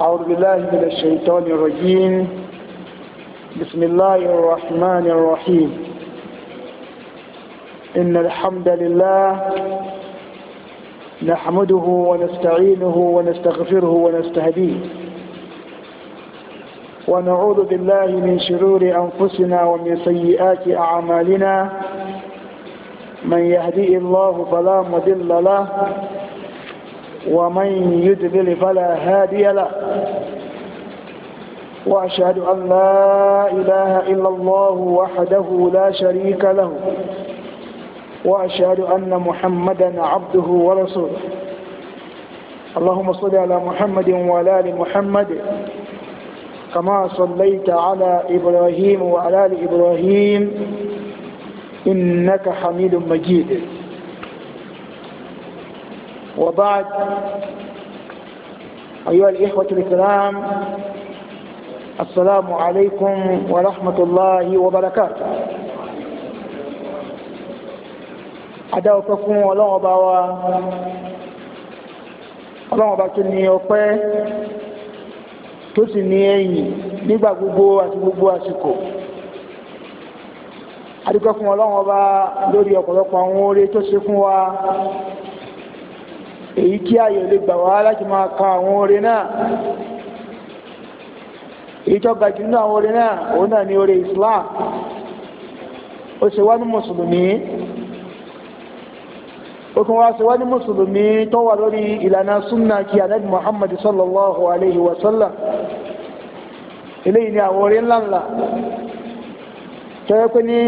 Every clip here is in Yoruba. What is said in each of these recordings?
أعوذ بالله من الشيطان الرجيم بسم الله الرحمن الرحيم إن الحمد لله نحمده ونستعينه ونستغفره ونستهديه ونعوذ بالله من شرور أنفسنا ومن سيئات أعمالنا من يهدي الله فلا مضل له ومن يدلل فلا هادي له وأشهد أن لا إله إلا الله وحده لا شريك له وأشهد أن محمدا عبده ورسوله اللهم صل على محمد وعلى آل محمد كما صليت على إبراهيم وعلى آل إبراهيم إنك حميد مجيد وبعد أيها الإخوة الكرام السلام عليكم ورحمة الله وبركاته adáwọ̀pẹ́ fún ọlọ́wọ́ bá wa ọlọ́wọ́ bá tó ní ọpẹ́ tó sì ní ẹ̀yìn nígbà gbogbo àti gbogbo àsìkò adúpẹ́ fún lórí ọ̀pọ̀lọpọ̀ àwọn oore tó ṣe fún wa èyí kí ààyè lè gbà wá láti máa ka àwọn orin náà èyí tó ga jù nínú àwọn orin náà òun náà ni orin Islam ó ṣe wá ní mùsùlùmí ó kàn wá ṣe wá ní mùsùlùmí tó wà lórí ìlànà sunna kí anabi Muhammad sallallahu alayhi wa sallam eléyìí ni àwọn orin ńláńlá tẹ́wẹ́ pé ní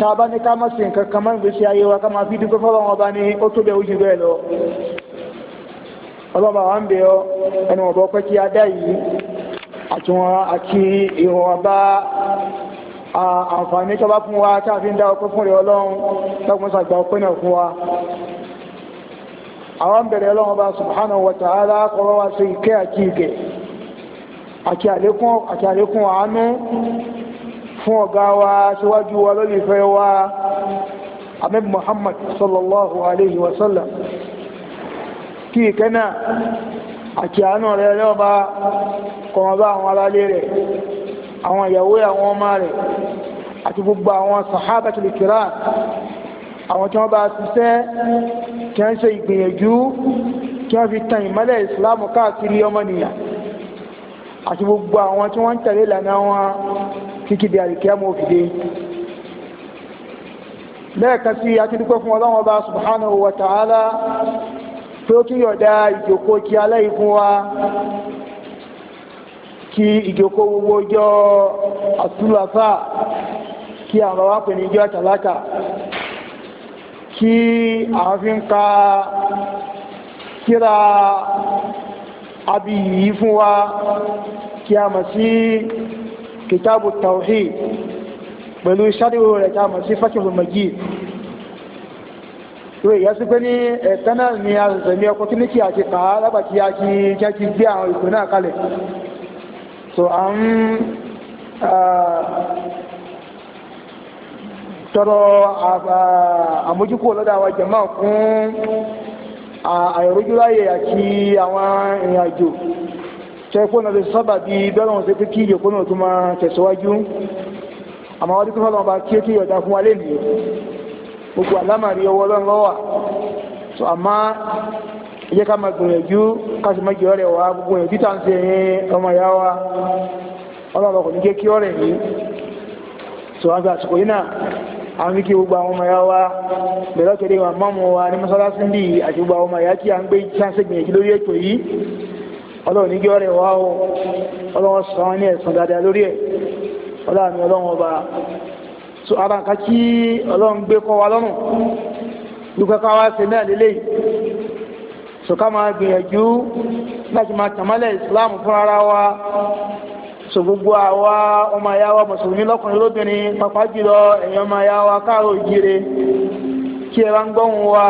tá a bá ní ká má ṣe nǹkan kan má ń gbèsè ayé wa ká máa fi dúpẹ́ fọlọ́wọn ọba ní ó tó bẹ́ẹ̀ ó jù bẹ́ẹ̀ lọ ọlọ́ba wa ń bẹ ọ ẹnu ọ̀bọ pé kí a dá yìí àti wọn àti ìwọ̀nba àǹfààní tó bá fún wa tá a fi ń dá ọpẹ́ fún rẹ ọlọ́run lọ́gbọ́n sàgbà ọpẹ́ náà fún wa àwọn bẹ̀rẹ̀ ọlọ́run ọba subhanahu wa ta'ala kọ́rọ́ wa sí ìkẹ́ àti ìkẹ́ àti àlékún àti àlékún àánú fún ọ̀gá wa síwájú wa lólùfẹ́ wa ahmed muhammad sallallahu alayhi wa sallam kí ìkẹ́ náà àti àánú rẹ̀ lọ́wọ́ bá kọmọ bá àwọn aráalé rẹ̀ àwọn ìyàwó àwọn ọmọ rẹ̀ àti gbogbo àwọn sahabatul kiram àwọn tí wọ́n bá ṣiṣẹ́ tí wọ́n ṣe ìgbìyànjú tí wọ́n fi tan ìmọ́lẹ̀ ìsìláàmù káàkiri ọmọnìyàn àti gbogbo àwọn tí wọ́n ń tẹ̀lé ìlànà wọn kíkì di àríkíámù òfìdé lẹ́ẹ̀kan sí a ti dúpẹ́ fún Ọlọ́run Ọba subhanahu wa ta'ala pé ó tún yọ̀dá ìjòkó kí aláyìí fún wa kí ìjòkó gbogbo ọjọ́ àtúlàfà kí àwọn bàbá pè ní ọjọ́ àtàlákà kí àwọn fi ń ka kíra abi fún wa kí a mọ̀ sí kìtàbù tawhid pẹ̀lú sáré rẹ̀ kí a mọ̀ sí so ìyá sí pé ní ẹ̀tẹ́ náà ni àṣẹ̀mí opportunity àti kà á lágbàtí a ti jẹ́ ti gbé àwọn ìpè náà kalẹ̀ so à ń tọrọ àmójúkú lọ́dọ̀ àwọn jẹ̀mọ́ fún àìrójúláyè àti àwọn ìrìn àjò tẹ́kọ́ náà lè sábà bí bẹ́rẹ̀ wọn sí pé kí ìyẹ̀kọ́ náà tó máa tẹ̀síwájú àmọ́ wọ́n dúkọ́ lọ́wọ́ bá kí ó kí ìyọ̀dá fún wa lè nìyẹn gbogbo àlámàrí ọwọ́ ọlọ́run lọ́wà so a ẹ jẹ́ ká máa gbìyànjú ká sì máa jẹ́ ọ̀rẹ́ wa gbogbo èyí títà ń ṣe ẹ̀yìn ọmọ ìyá wa ọlọ́run ọkọ̀ ní jẹ́ kí ọ̀rẹ́ yìí so àgbà àsìkò yìí náà àwọn wíkí gbogbo àwọn ọmọ ya wá bẹ̀rẹ̀ kéré wà wa ní mọ́sálásí bí àti gbogbo àwọn ya kí a ń gbé sáńsẹ̀ gbìyànjú lórí ètò yìí ọlọ́run ní wá o ọlọ́run sọ so ara nǹkan tí ọlọ́run gbé kọ́ wa lọ́rùn dúkọ́ ká wá ṣe náà lélẹ́yìí so ká máa gbìyànjú láti máa tàmálẹ̀ ìsìláàmù fún ara wa so gbogbo àwa ọmọ ìyá wa mùsùlùmí lọ́kùnrin lóbìnrin pàápàá jùlọ ẹ̀yin ọmọ ìyá wa káàró ìjíire kí ẹ bá ń gbọ́hùn wa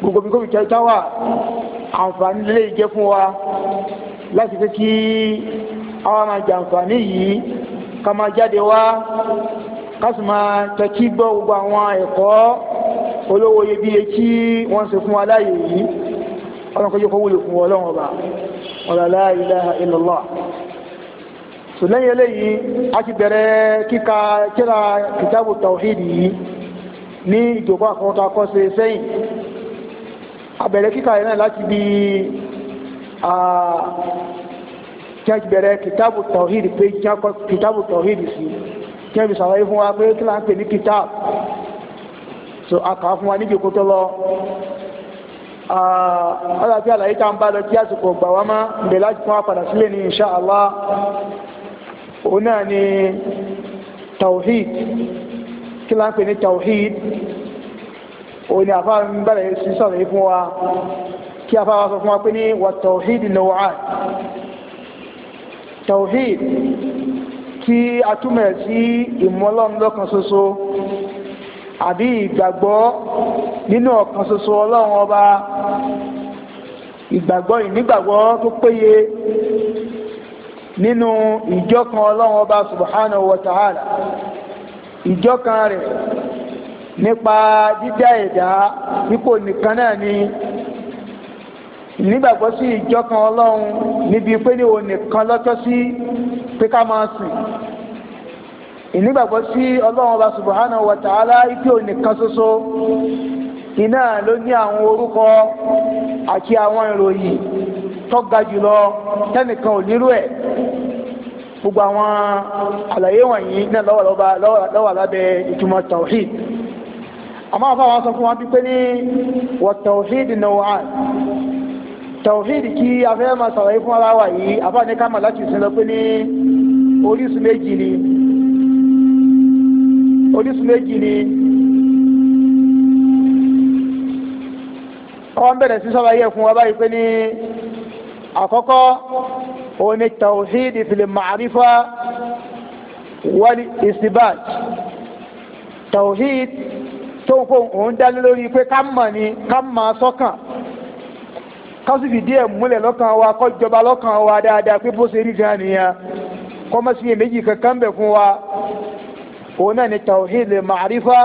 gbogbo bí gómìnà kẹta àǹfààní lè jẹ́ fún wa láti pé kí àwọn máa yìí ká máa jáde wá kásì máa tẹ́tí gbọ́ gbogbo àwọn ẹ̀kọ́ olówó iyebíye tí wọ́n ṣe fún wa láàyè yìí ọlọ́run kọjú kó wúlò fún wọn ọlọ́run ọba ọ̀là la ilaha illallah sùlẹ́yìn eléyìí a ti bẹ̀rẹ̀ kíka kíra kìtàbù tàwíìdì yìí ní ìjòkó àkọ́kọ́ akọ́ṣe sẹ́yìn a bẹ̀rẹ̀ kíka yẹn láti bí kí a ti bẹ̀rẹ̀ kìtàbù tàwíìdì pé kìtàbù tàwíìdì sí i kẹ́bi sàlàyé fún wa pé kí là ń pè ní kitab so a kà á fún wa níbi ìkótó lọ ọlọ́dà tí àlàyé tá à ń bá lọ tí àsìkò gbà wá má bẹ̀ láti fún wa padà sílé ní insha Allah òun náà ni tawhid kí là ń pè ní tawhid òun ni àfa ń bẹ̀rẹ̀ sí sàlàyé fún wa kí afa wa sọ fún wa pé ní wa tawhid naw'an tí a túmọ̀ sí ìmọ̀lọ́run lọ́kan ṣoṣo àbí ìgbàgbọ́ nínú ọ̀kan ṣoṣo ọlọ́run ọba ìgbàgbọ́ ìnígbàgbọ́ tó péye nínú ìjọkan ọlọ́run ọba subhanahu wa ta'ala ìjọkan rẹ̀ nípa dídá ẹ̀dá nípò nìkan náà ni. Ni nígbàgbọ́ sí ìjọ kan ọlọ́run níbi pé ní òun nìkan lọ́tọ́ sí pé ká máa sìn ìnígbàgbọ́ sí ọlọ́run ọba subhanahu wa ta'ala ipe òun nìkan ṣoṣo iná ló ní àwọn orúkọ àti àwọn ìròyìn tó ga jùlọ tẹ́nìkan ò nírú ẹ̀ gbogbo àwọn àlàyé wọ̀nyí náà lọ́wọ́ lábẹ́ ìtumọ̀ tawhid àmọ́ àfọwọ́n sọ fún wa pípé ní wa tawhid naw'an tawhid kí afẹ́ máa sọ̀rọ̀ yìí fún ara wa yìí afáàní ká màá láti sin lọ pé ní orísun méjì ni orísun méjì ni wọ́n bẹ̀rẹ̀ sí sọ̀rọ̀ yẹ fún wa báyìí pé ní àkọ́kọ́ òun ni tawhid fil ma'rifa wal isbat tó ń kó òun dá lórí pé ká mọ̀ ni ká mọ̀ sọ́kàn. So kásìfì díẹ̀ múlẹ̀ lọ́kàn wa kọjọba lọ́kàn wa dáadáa pé bó ṣe rí gan nìyẹn kọ́mọ́sí èméjì kankan bẹ̀ fún wa òun náà ni tawhid ma'rifa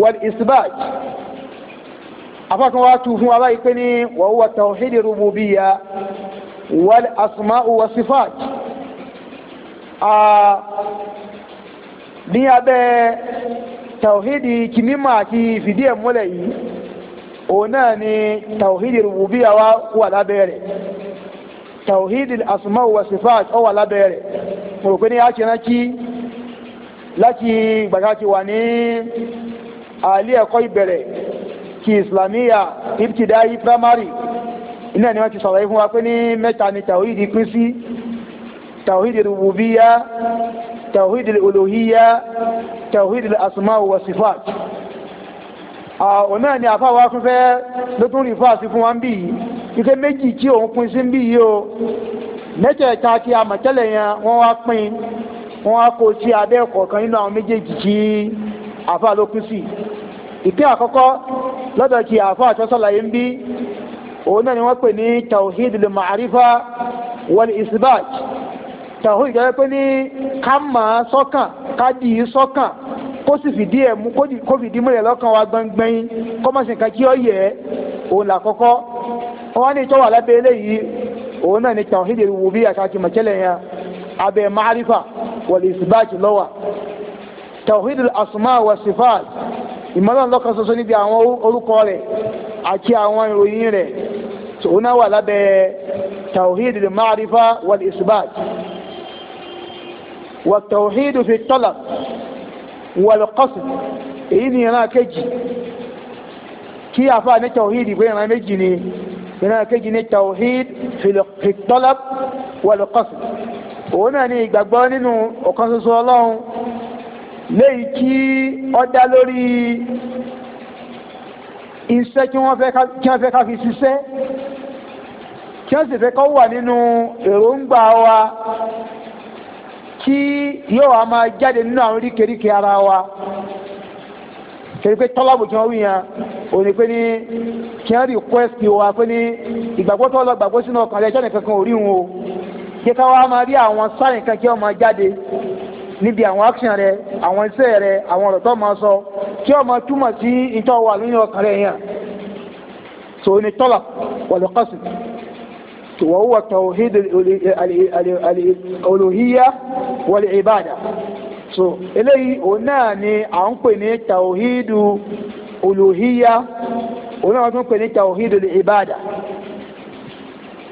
wal isbat afákan wa tu fún wa báyìí pé ní wa tawhid rububiyya wal asma'u wa sifat ní abẹ́ tawhid kìnnìmọ̀ àti fìdí ẹ̀ múlẹ̀ yìí òun náà ni tawhidi rububiya wa wà lábẹ́ rẹ̀ tawhidi asma wa sifat ó wà lábẹ́ rẹ̀ mo rò pé ní a ṣe rántí láti gbàgbà ti wà ní àlẹ́ ẹ̀kọ́ ìbẹ̀rẹ̀ ti islamiyya ibtidayi primary iná ni wọ́n ti sọ̀rọ̀ wa pé ní mẹ́ta ni tawhidi pín tawhidi rububiya tawhidi uluhiya tawhidi asma wa sifat. Ah, òun náà ni àfáwá tún fẹ́ ló tún rí fáàsì fún wa ń bì yìí ike méjì tí òun pín sí ń bì yìí o mẹ́tẹ̀ẹ̀ta tí a mọ̀ tẹ́lẹ̀ yẹn wọ́n wá pín wọ́n wá kó sí abẹ́ kọ̀ọ̀kan nínú àwọn méjèèjì tí àfáà ló pín sí ìpín àkọ́kọ́ lọ́dọ̀ tí àfáà tó sọ̀làyé ń bí òun náà ni wọ́n pè ní tawhid lil ma'arifa wal isbat tawhid jẹ́ pé ní ká mọ̀ sọ́kàn ká dì í sọ́kàn kó sì fìdí ẹ̀ mú kó fìdí múlẹ̀ lọ́kàn wa gbọ̀ngbẹ́yìn kó má sì nǹkan kí ọ yẹ ẹ́ òun là kọ́kọ́ wọn ní ìtọ́wà lábẹ́ eléyìí òun náà ní tawhid al-rububiyyah àti mọ̀tẹ́lẹ̀ yẹn abẹ́ ma'rifa wal isbat lọ́wà tawhid al-asma wa sifat ìmọ̀lọ́n lọ́kàn ṣoṣo níbi àwọn orúkọ rẹ̀ àti àwọn ìròyìn rẹ̀ òun náà wà lábẹ́ tawhid al wàlùkọ́sù èyí ni ìran kejì kí àfa ní tawhid ìwé ìran méjì ni ìran kejì ní tawhid fìtọ́lọ́p wàlùkọ́sù òun náà ni ìgbàgbọ́ nínú ọ̀kan ṣoṣo ọlọ́run léyìí kí ó dá lórí iṣẹ́ kí wọ́n fẹ́ ká fi ṣiṣẹ́ kí wọ́n sì fẹ́ kó wà nínú èròǹgbà wa kí yóò wá máa jáde nínú àwọn oríkèéríkèé ara wa kẹ̀ríkẹ́ tọ́lábù tí wọ́n wí yẹn ò ni pé ní kí wọ́n rìkwẹ́sì wa pé ní ìgbàgbọ́ tó lọ gbàgbọ́ sínú ọkàn rẹ̀ kankan ò rí wọn o jẹ́ ká wá máa rí àwọn sáyìn kan kí wọ́n máa jáde níbi àwọn action rẹ, àwọn iṣẹ́ rẹ̀ àwọn ọ̀rọ̀ tó máa sọ kí wọ́n máa túmọ̀ sí ọkàn rẹ̀ tọ́lá wọ̀lọ́kọ́sì وهو توحيد الألوهية والعبادة so eléyìí òun náà ni à ń pè ní tawhidu uluhiya òun náà tún pè ní tawhidu ibada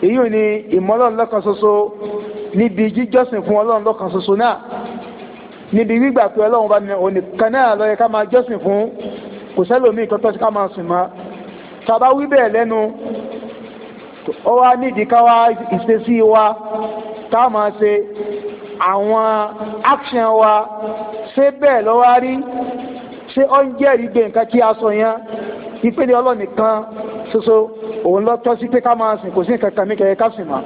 èyí ò ní ìmọ̀lọ́run lọ́kan ṣoṣo níbi jíjọ́sìn fún ọlọ́run lọ́kan ṣoṣo náà níbi gbígbà pé ọlọ́run bá ní onìkan náà ló ká máa jọ́sìn fún kò sẹ́lòmíì tó sí ká máa sìn mọ́ tá wí bẹ́ẹ̀ lẹ́nu ó wá nídìí ká wá ìṣesí wa ká máa ṣe àwọn action wa ṣé bẹ́ẹ̀ ló wá rí ṣé ó ń jẹ́rìí gbé nǹkan kí a sọ yẹn ìpele ọlọ́nìkan ṣoṣo òun lọ tọ́ sí pé ká máa sìn kò sí nǹkan kan ní kẹ̀kẹ́ ká sìn mọ́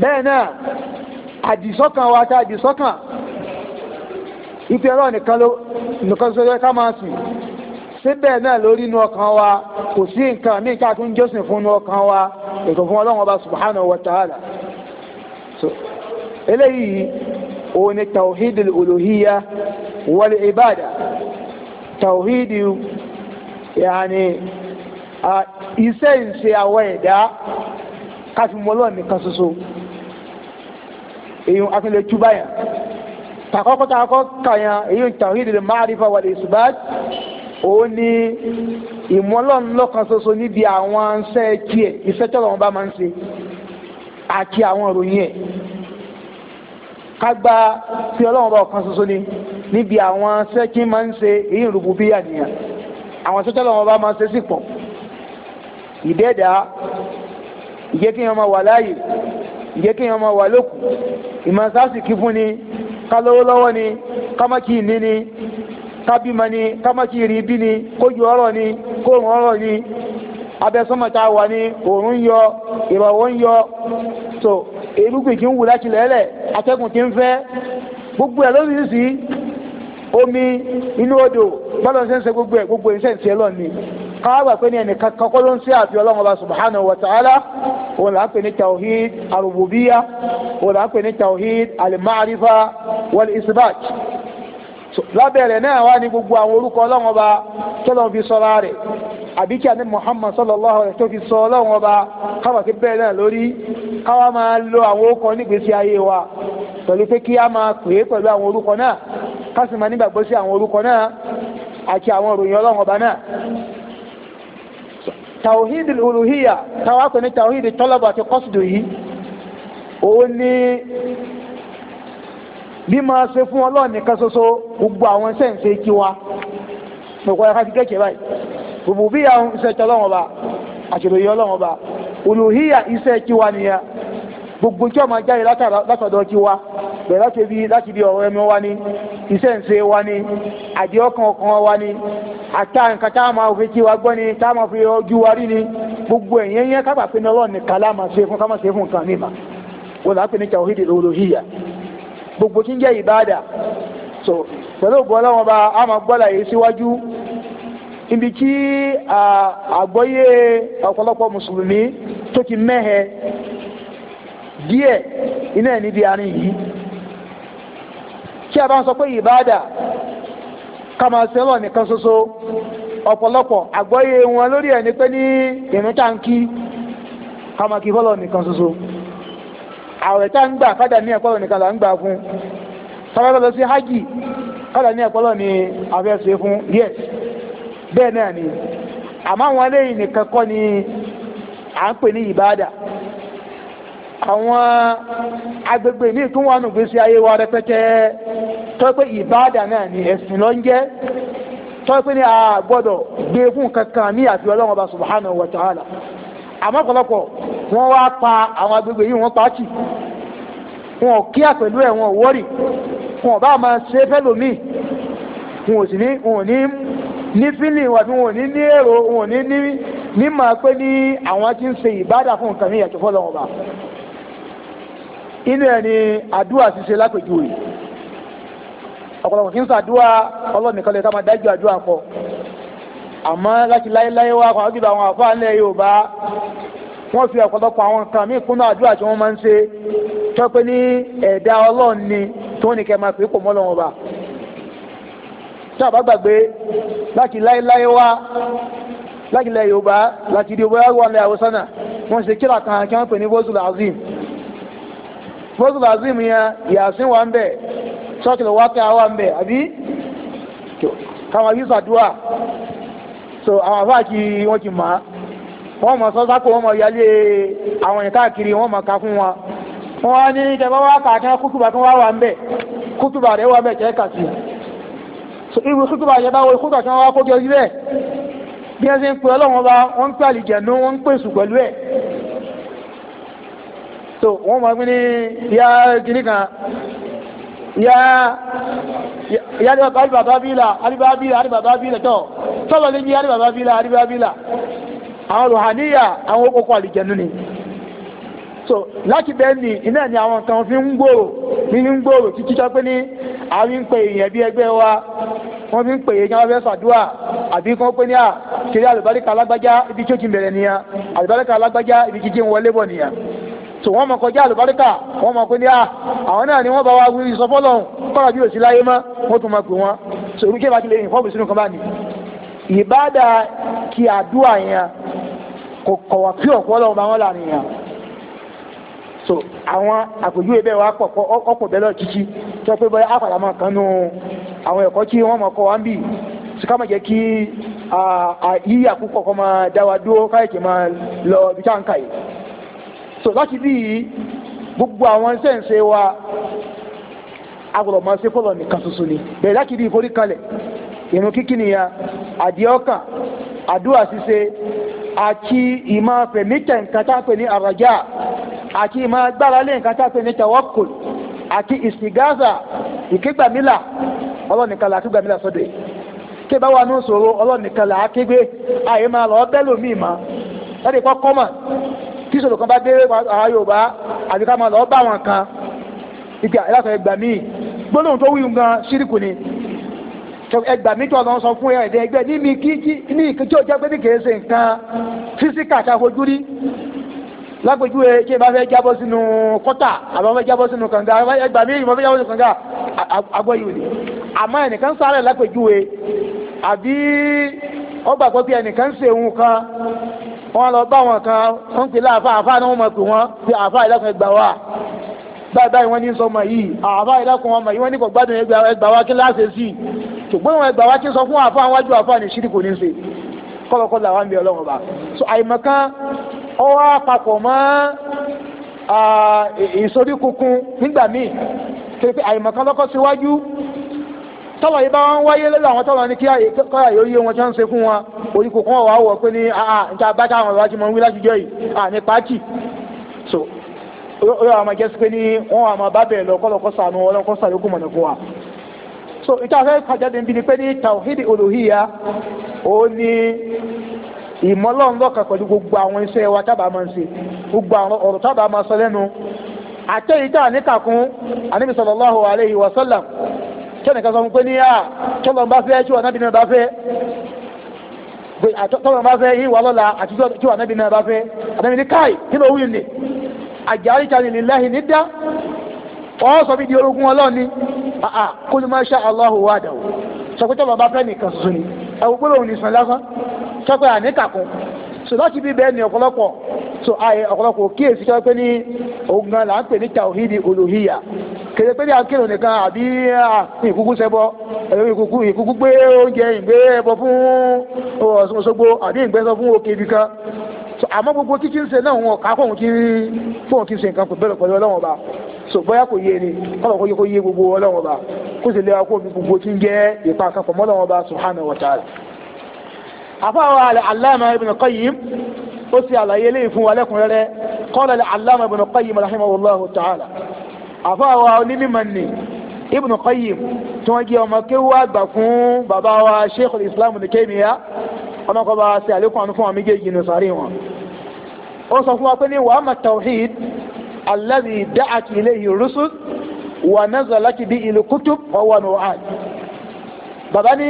bẹ́ẹ̀ náà àdìsọ́kàn wa ta àdìsọ́kàn ìpele ọlọ́nìkan ló nìkan ṣoṣo ká máa sìn síbẹ̀ náà lórí inú ọkàn wa kò sí nǹkan míì ká tún jọ́sìn fún inú ọkàn wa ètò fún ọlọ́run ọba subhanahu wa ta'ala eléyìí òun ni tawhidul uluhiyya wal ibada tawhidi yaani iṣẹ́ ìṣe àwọn ẹ̀dá káfí mọ́lọ́ nìkan ṣoṣo èyí akínlẹ̀ túbáyà takọ́kọ́ takọ́ kàyàn èyí tawhidul ma'rifa wal isbat ó ní ìmọ̀lọ́nlọ́kan ṣoṣo níbi àwọn iṣẹ́ tiẹ̀ iṣẹ́ tọ́lọ̀ wọn bá máa ń ṣe àti àwọn ìròyìn ẹ̀ ká gba tí ọlọ́run bá ọ̀kan ṣoṣo ni níbi àwọn iṣẹ́ kí máa ń ṣe èyí ìrùbù bí àníyàn àwọn iṣẹ́ tọ́lọ̀ wọn bá máa ṣe sì pọ̀ ìdẹ́ẹ̀dá ìjẹ́ kí wọ́n máa wà láàyè ìjẹ́ kí wọ́n máa wà lókù ìmọ̀ sáàsì fún ni ká lówó lọ́wọ́ ni ká má kí ní ni kábímọ ni kámọ́kiri bí ni kójú ọ̀rọ̀ ni kóòrùn ọ̀rọ̀ ni abẹ́sọ́mọ̀ta wà ní òòrùn yọ ìrọ̀wọ́ ń yọ so irúgbìn kì í wù láti lẹ́lẹ̀ atẹ́gùn kì í fẹ́ gbogbo ẹ̀ lórí sí omi inú odò bọ́lá ṣe ń ṣe gbogbo ẹ̀ gbogbo ìṣe ìṣe lọ ni káwà pé ní ẹnìkan kọ́kọ́ ló ń ṣe àfi ọlọ́run ọba subhanahu wa ta'ala òun là ń pè ní tawhid arububiya òun là ń pè ní tawhid alimarifa wal isbat lábẹ́rẹ̀ náà wá ní gbogbo àwọn orúkọ ọlọ́wọ́n ọba tọ́lọ́wọ́n fi sọ́ra rẹ̀ àbí kí Muhammad sallallahu alaihi tó fi sọ ọlọ́wọ́n ọba káwọn ti bẹ́ẹ̀ náà lórí máa lo àwọn orúkọ nígbésí ayé wa pẹ̀lú pé kí a máa pè é pẹ̀lú àwọn orúkọ náà ká sì máa nígbàgbọ́ sí àwọn orúkọ náà àti àwọn ọlọ́wọ́n bí máa ṣe fún ọlọ́run nìkan ṣoṣo gbogbo àwọn sẹ́ǹsẹ̀ kí wa pẹ̀kọ́ ẹ̀ka ti kẹ́kẹ́ báyìí gbogbo bí àwọn iṣẹ́ ti ọlọ́run ọba àṣèlóyè ọlọ́run ọba olùhíyà iṣẹ́ kí wa nìyẹn gbogbo tí ọmọ jáde látọ̀dọ̀ kí wa bẹ̀rẹ̀ láti ibi láti ibi ọ̀rọ̀ ẹnu wa ni iṣẹ́ ìṣe wa ni àdé ọkàn ọkàn wa ni àtà nǹkan tá a máa fi kí wa gbọ́ ni tá a máa fi ojú wa rí ni gbogbo ẹ̀yẹ́ yẹn kábàá pinnu ọlọ́run nìkan láàmà ṣe fún ká má ṣe fún nǹkan mímà wọn là á pinnu tàwídì lóhìyà gbogbo tí ń jẹ́ ìbáàdà so pẹ̀lú ògbó ọlọ́wọ́n bá a máa gbọ́ láyé síwájú ibi tí àgbọ́yé ọ̀pọ̀lọpọ̀ mùsùlùmí tó ti mẹ́hẹ díẹ̀ iná ẹ̀ níbi àárín yìí a bá ń sọ pé ìbáàdà ká máa ṣe lọ nìkan ṣoṣo ọ̀pọ̀lọpọ̀ àgbọ́yé wọn lórí ẹ̀ àwẹ̀ tá ń gbà kádà ní ẹ̀kọ́ nìkan là ń gbà fún sábà lọ sí hajj kádà ní ẹ̀kọ́ lọ fún yes bẹ́ẹ̀ náà ni àmọ́ àwọn eléyìí nìkan kọ́ ni à ń pè àwọn agbègbè míì tún wà gbèsè ayé wa rẹpẹtẹ pé ìbáàdà náà ni ẹ̀sìn ló ń jẹ́ pé a gbọ́dọ̀ gbé fún kankan ní Ọlọ́run wọ́n wá pa àwọn agbègbè yìí wọ́n pa á tì wọn ò kíá pẹ̀lú ẹ̀ wọn ò wọ́rì wọn ò bá máa ṣe fẹ́lòmíì wọn ò sì ní wọn ò ní ní fílì wọn àbí wọn ò ní ní èrò wọn ò ní ní ní máa pé ní àwọn tí ń ṣe ìbádà fún nǹkan ní ìyàtọ̀ fọlọ́wọn bá inú ẹ̀ ni àdúrà ṣíṣe lápèjúwe ọ̀pọ̀lọpọ̀ kí n sàdúrà ọlọ́nìkan lè ká máa dájú àdúrà kọ àmọ́ láti láéláé wá kan ábí bá àwọn àfáà wọ́n fi ọ̀pọ̀lọpọ̀ àwọn nǹkan míì kúnú àdúrà tí wọ́n máa ń ṣe tó pé ní ẹ̀dá ọlọ́run ni tó ní kẹ́ máa pè é pò mọ́ lọ́wọ́ bá tí a bá gbàgbé láti láéláé wá láti ilẹ̀ yorùbá láti di wẹ́ẹ́ wọlé àwòsánà wọ́n ṣe kíra kan kí wọ́n pè ní bozul azim bozul azim yẹn yàsín wà ń bẹ̀ sọ́kìlì wákẹ́ wà ń bẹ̀ àbí kàwọn yìí sàdúrà so àwọn afáàkì wọn ti mọ̀ wọ́n mọ̀ sọ́sákò wọ́n mọ̀ yálé àwọn yẹn káàkiri wọ́n mọ̀ ká fún wọn. wọ́n á ní ìjọba wa kà kí kútùbà tó wá wà ń bẹ̀ kútùbà rẹ̀ wà bẹ̀ kẹ́ kà sí. irú kútùbà yẹn báwo kútùbà tí wọ́n wá kó jọ síbẹ̀ bí wọ́n ṣe ń pe ọlọ́run bá wọ́n ń pè àlìjẹ̀nu wọ́n ń pèsù pẹ̀lú ẹ̀. tó wọ́n mọ̀ pé ní ya kiri kan ya ya alibaba bila alibaba bila alibaba bila tó tọ́lọ́ àwọn ruhaniya àwọn okòkò àlìjẹnu ni so láti bẹ́ẹ̀ ni iná ni àwọn kan fi ń gbòòrò fi ń gbòòrò títí tó ní àwọn ń pè èèyàn bí ẹgbẹ́ wa wọ́n fi ń pè èèyàn wọ́n fẹ́ sàdúrà àbí kan pé ní à kiri àlùbáríkà alágbájá ibi tí ó ti bẹ̀rẹ̀ nìyà àlùbáríkà alágbájá ibi jíjí ń wọlé bọ̀ nìyà so wọ́n mọ̀ kọjá àlùbáríkà wọ́n mọ̀ pé ní à àwọn náà ni wọ́n bá wa wí ìsọfọ́lọ́hún kọ́ra bí òsì so irú kí ẹ bá ti lè yìn fọ́ọ̀mù sínú kan bá kọ̀wà pí ọ̀pọ̀ ọlọ́run bá wọn láàrin yàn so àwọn àpèjú ẹbẹ wa pọ̀ ọ̀pọ̀ bẹ́ẹ̀ lọ títí tó pé bóyá àpàlà máa kan nu àwọn ẹ̀kọ́ tí wọ́n máa kọ́ wa ń bì sika ma jẹ́ kí yíyà púpọ̀ kọ́ máa dá wa dúró káyọ̀kì máa lọ ibi tá à ń kà yìí so láti bí gbogbo àwọn sẹ́ǹsẹ̀ wa agbọ̀dọ̀ máa ṣe fọlọ̀ nìkan ṣoṣo ni bẹ̀rẹ̀ láti bí ìforíkalẹ̀ ìrun kíkí nìyà àdìọ́kàn àdúrà ṣíṣe àti ìmọ̀ fẹ̀mítẹ̀ nǹkan tá a pè ní àràjá àti ìmọ̀ gbáralé nǹkan tá a pè ní tawakkul àti ìsìgáàzà ìkégbàmílà ọlọ́nìkan là á kégbàmílà sọ́dọ̀ yìí kí bá wà ní ìṣòro ọlọ́nìkan là á kégbé àyè máa lọ bẹ́ẹ̀ lómi ìmọ̀ láti kọ́ kọ́mọ̀ tí ìṣòro kan bá dé àwọn Yorùbá àti ká máa lọ bá wọn kan ìgbà ẹ̀dá sọ ẹgbàmí gbólóhùn tó wí ẹgbà mi tí Ọlọ́run sọ fún ẹ̀dẹ̀ ẹgbẹ́ níbi kí ní ìkíkí ó jẹ́ pé ní kìí ṣe nǹkan físíkà ká fojú rí lápèjúwe kí ẹ bá fẹ́ jábọ́ sínú kọ́tà àbá fẹ́ jábọ́ sínú kànga ẹgbà mi ìmọ̀ fẹ́ jábọ́ sínú kànga agbóyìí ni àmọ́ ẹnìkan sáré lápèjúwe àbí ọgbà pé bí ẹnìkan ṣe òun kan wọn lọ bá wọn kan wọn pè láàfáà àfáà náà wọn mọ̀ pé wọn pé àfáà ìlẹ́kùn ẹgbà wà báyìí báyìí wọn ní sọmọ yìí àfáà ìlẹ́kùn ọmọ yìí wọn ní kò gbádùn ẹgbà wá kíláàsì sí i ṣùgbọ́n àwọn ẹgbàá wa ti sọ fún àfa àwájú àfa ní ṣírí kò ní ṣe kọ́lọ́kọ́ làwọn bí ọlọ́run ọba so àìmọ̀kan ọwọ́ àpapọ̀ mọ́ ìsorí kunkun nígbà míì pé àìmọ̀kan lọ́kọ́ síwájú tọ́lọ̀ yìí bá wọn wáyé lọ́dọ̀ àwọn tọ́lọ̀ ní kí kọ́yà yóò yé wọn tí wọ́n ń ṣe fún wọn orí kunkun ọ̀wá so ó yọ àwọn ọmọ jẹ́sí pé ní wọ́n àwọn bá bẹ̀rẹ̀ lọ kọ́lọ́kọ́ sànú ọlọ́kọ́ sàlókùn mọ̀nà fún wa so ìtàfẹ́ kàjáde ń bi ni pé ní tawhidi olùhíya ó ní ìmọ̀lọ́run lọ́kàn pẹ̀lú gbogbo àwọn iṣẹ́ wa tábà máa ń ṣe gbogbo àwọn ọ̀rọ̀ tábà máa sọ lẹ́nu àtẹ̀yí tá a níkà kún ànábì sallallahu alayhi wa sallam kẹ́nìkan sọ fún pé ní à tọ́lọ̀ bá fẹ́ tí wà nábì náà bá fẹ́ tọ́lọ̀ bá fẹ́ yí wà lọ́la àti tí wà nábì náà bá fẹ́ ànábì ní káì kí ló wí ni àjàríkà ni lillahi nidda wọ́n sọ mí di orogún ọlọ́run ni kúlù máa ṣá Allahu wahdahu sọ pé tọ́ba bá fẹ́ nìkan ṣoṣo ni ẹ̀wù pé òun nìsan lásán sọ pé àníkàkùn sọ láti bí bẹ́ẹ̀ ni ọ̀pọ̀lọpọ̀ sọ àyè ọ̀pọ̀lọpọ̀ kíyèsí pé ní gan ń pè ní olùhíyà pé ní nìkan àbí ìkúkú sẹ́bọ ìkúkú gbé oúnjẹ ìgbé fún àbí so àmọ́ gbogbo títí ń ṣe náà wọn kà á fóun kí fóun kí n ṣe nǹkan kò bẹ̀rẹ̀ pẹ̀lú ọlọ́wọ́n ba so bóyá kò yé ni kọ́nà kó yé kó yé gbogbo ọlọ́wọ́n ba kó sì lé wa kó mi gbogbo tí ń jẹ́ ìpa kan pọ̀ mọ́lọ́wọ́n ba subhanahu wa ta'ala. àfọwọ́ alẹ́ aláàmà ibn qayyim ó sì àlàyé eléyìí fún wa lẹ́kùnrẹ́rẹ́ qala aláàmà ibn tí wọ́n jẹ́ ọmọ kéwàá gbà fún bàbá wa sheikh islam nìkéyìmíyà ọlọ́kọ́ bá ṣe àlékún àánú fún wa méjèèjì nù sáré wọn. ó sọ fún wa pé ní wàá ma tawhid alladhi da'at ilayhi rusul wa nazalat bihi al-kutub ọwọ́ nù wàá. bàbá ní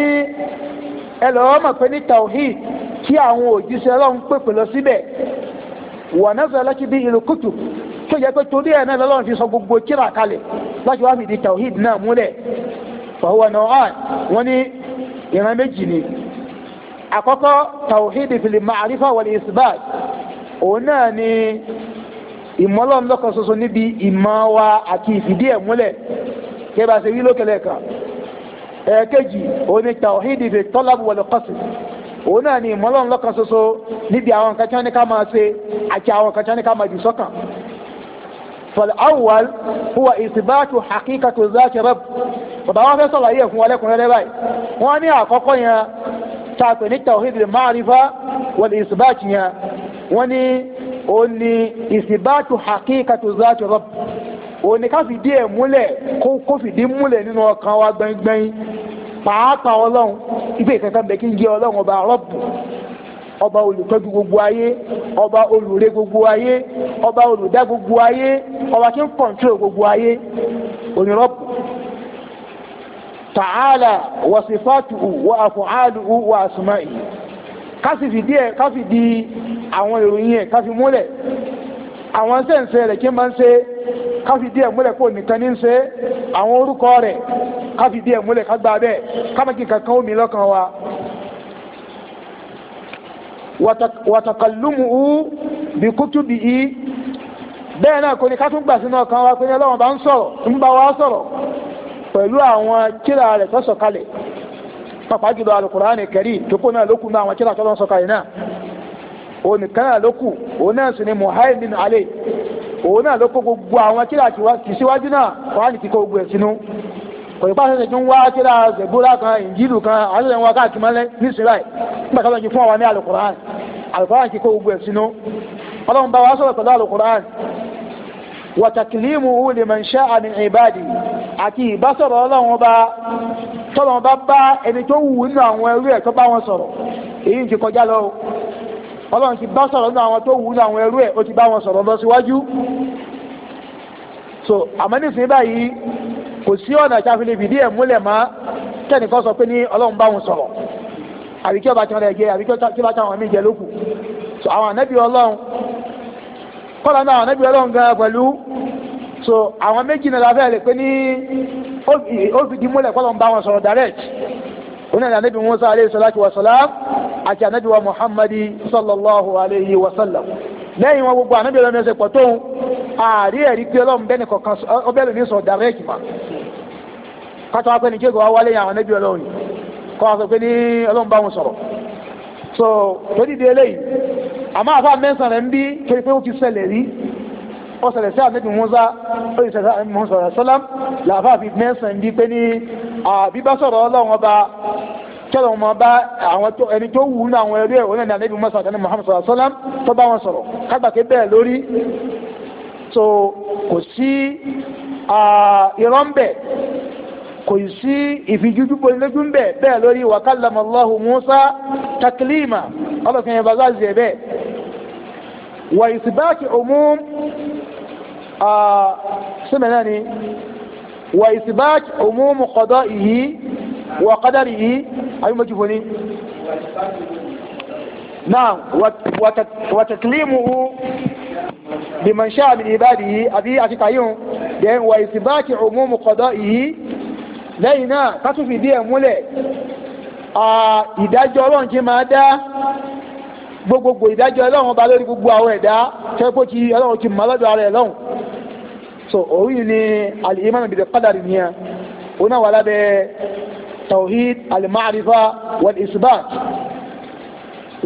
ẹ lọ́wọ́ mọ̀ pé ní tawhid kí àwọn òjíṣẹ́ ọlọ́run pèpè lọ síbẹ̀ wa nazalat bihi al-kutub tó yẹ pé torí ẹ̀ náà lọ́lọ́run fi sọ gbogbo kíra kalẹ̀ láti wá fìdí tawhid náà múlẹ̀ fọwọ́ nù wàá wọ́n ní ìran méjì ni àkọ́kọ́ tawhid fil ma'rifa wal isbat òun náà ni ìmọ̀lọ́n lọ́kan ṣoṣo níbi ìmọ̀ wa àti ìfìdí ẹ̀ múlẹ̀ kí ẹ bá ṣe wí lókèlè kan ẹ̀ẹ́kejì òun ni tawhid fi talab wal qasd òun náà ni ìmọ̀lọ́n lọ́kan ṣoṣo níbi àwọn nǹkan tí wọ́n ní ká máa ṣe àti àwọn nǹkan tí wọ́n ní ká máa jù sọ́kàn. فالأول هو إثبات حقيقة ذات رب bàbá wa fẹ́ sọ̀rọ̀ ayé ẹ̀fún wa lẹ́kùnrin tá a pè ní tawhidul ma'rifa wal isbat yẹn wọ́n ní òun ni ìsìbátu haqiqatu zati rabb òun ni ká fìdí ẹ̀ múlẹ̀ kó fìdí múlẹ̀ nínú ọkàn wa gbẹngbẹ́yìn pàápàá ọlọ́run ibẹ̀ kankan bẹ̀ kí n jẹ́ ọlọ́run ọba rọ́bù olùtọ́jú gbogbo ayé ọba olùre gbogbo ayé ọba olùdá gbogbo ayé ọba tí ń kọ̀ǹtírò gbogbo ayé òní تعالى وصفاته وافعاله wa كافي wa asma'ihi kasi fi díẹ̀ kasi di àwọn ìròyìn yẹn kasi múlẹ̀ àwọn sẹ́ǹsẹ́ rẹ̀ kí n máa ń ṣe kasi díẹ̀ múlẹ̀ kó nìkan ní ń ṣe àwọn orúkọ rẹ̀ kasi díẹ̀ múlẹ̀ ká gba bẹ́ẹ̀ kámẹ́kì kankan omi lọ́kàn wa. wàtàkàlùmù bí kútùbì yìí bẹ́ẹ̀ náà kò ní ká tún gbà sínú wa pé ní ọlọ́run bá ń sọ̀rọ̀ ń wa sọ̀rọ̀. pẹ̀lú àwọn kíra rẹ̀ tó sọ̀kalẹ̀ pàápàá jùlọ alukurani kẹrí tókó náà lókù náà àwọn kíra tó lọ náà lókù náà sì ni muhaimin alẹ́ òun náà lókù gbogbo àwọn kíra kì síwájú náà kọ́hánì kíkọ́ gbogbo ẹ̀ sínú kò pàṣẹ tó ń wá kíra zebura kan injilu kan àlejò wọn káàkiri mọ́lẹ́ nígbà fún wa ní alukurani alukurani kíkọ́ gbogbo ẹ̀ sínú wàtàkìlímù lèmọ̀n ṣáà min ìbádì àti ìbásọ̀rọ̀ ọlọ́run bá tọ́lọ̀ bá bá ẹni tó wù nínú àwọn ẹrú ẹ̀ tó bá wọn sọ̀rọ̀ èyí ti kọjá lọ ọlọ́run ti bá sọ̀rọ̀ nínú àwọn tó wù nínú àwọn ẹrú ẹ̀ ó ti bá wọn sọ̀rọ̀ lọ síwájú so àmọ́ nísìnyí báyìí kò sí ọ̀nà tí a fi lè fìdí ẹ̀ múlẹ̀ mọ́ kẹ́nìkan sọ pé ní ọlọ́run bá wọn sọ̀rọ̀ àbí ọba tí wọn lè jẹ àbí ọba tí wọn mí jẹ lókù so àwọn ànábì ọlọ́run kọ́lá náà ànábì ọlọ́run gan pẹ̀lú so àwọn méjì náà la fẹ́ lè pé ní ó fi di múlẹ̀ kọ́lọ̀ ń bá wọn sọ̀rọ̀ direct oní ẹ̀dá ànábì Musa aleyhi salatu wa salam àti ànábì wa Muhammadi sallallahu alayhi wa sallam lẹ́yìn wọn gbogbo ànábì ọlọ́run ẹsẹ̀ pọ̀ tóun ààrí ẹ̀rí pé ọlọ́run bẹ́ẹ̀ nìkan ọbẹ̀ lómi sọ̀rọ̀ direct ma kátó wá pé ní kéèkó wá wálé àwọn ànábì ọlọ́run kọ́ wa sọ pé so torí di àmọ́ àfa mẹ́sàn rẹ̀ ń bí torí pé ó ti ṣẹlẹ̀ rí ó ṣẹlẹ̀ sí àmẹ́bí musa ó ti ṣẹlẹ̀ àmẹ́bí musa sọ́lám làfa fi mẹ́sàn bí pé ní àbíbá sọ̀rọ̀ ọlọ́run ọba kẹ́lọ̀ wọn bá àwọn ẹni tó wù ní àwọn ẹrú ẹ̀ wọn ní àmẹ́bí musa àti muhammad sọ́lám tó bá wọn sọ̀rọ̀ kágbàké bẹ́ẹ̀ lórí so kò sí irọ́ kò sí ìfijú bó lójú ń bẹ̀ bẹ́ẹ̀ lórí wa kallama Allahu Musa taklima ọlọ́kàn yẹn bàbá zẹ̀ bẹ́ẹ̀ wà ìsìbáàkì umum sẹ́mẹ̀ náà ni wà ìsìbáàkì umum qada'ihi wa qadarihi ayé mo jù fún ni. نعم وتكليمه بمن شاء من عباده أبي أتكايون وإثبات عموم قضائه lẹ́yìn náà kátó fìdí ẹ̀ múlẹ̀ ìdájọ́ ọlọ́run ti máa dá gbogbogbò ìdájọ́ ọlọ́run ba lórí gbogbo àwọn ẹ̀dá tẹ́gbó ti ọlọ́run ti mọ̀ lọ́dọ̀ ara ẹ̀ lọ́hùn so òun yìí ni al-iman bil qadar nìyẹn òun náà wà lábẹ́ tawhid al-ma'rifa wal isbat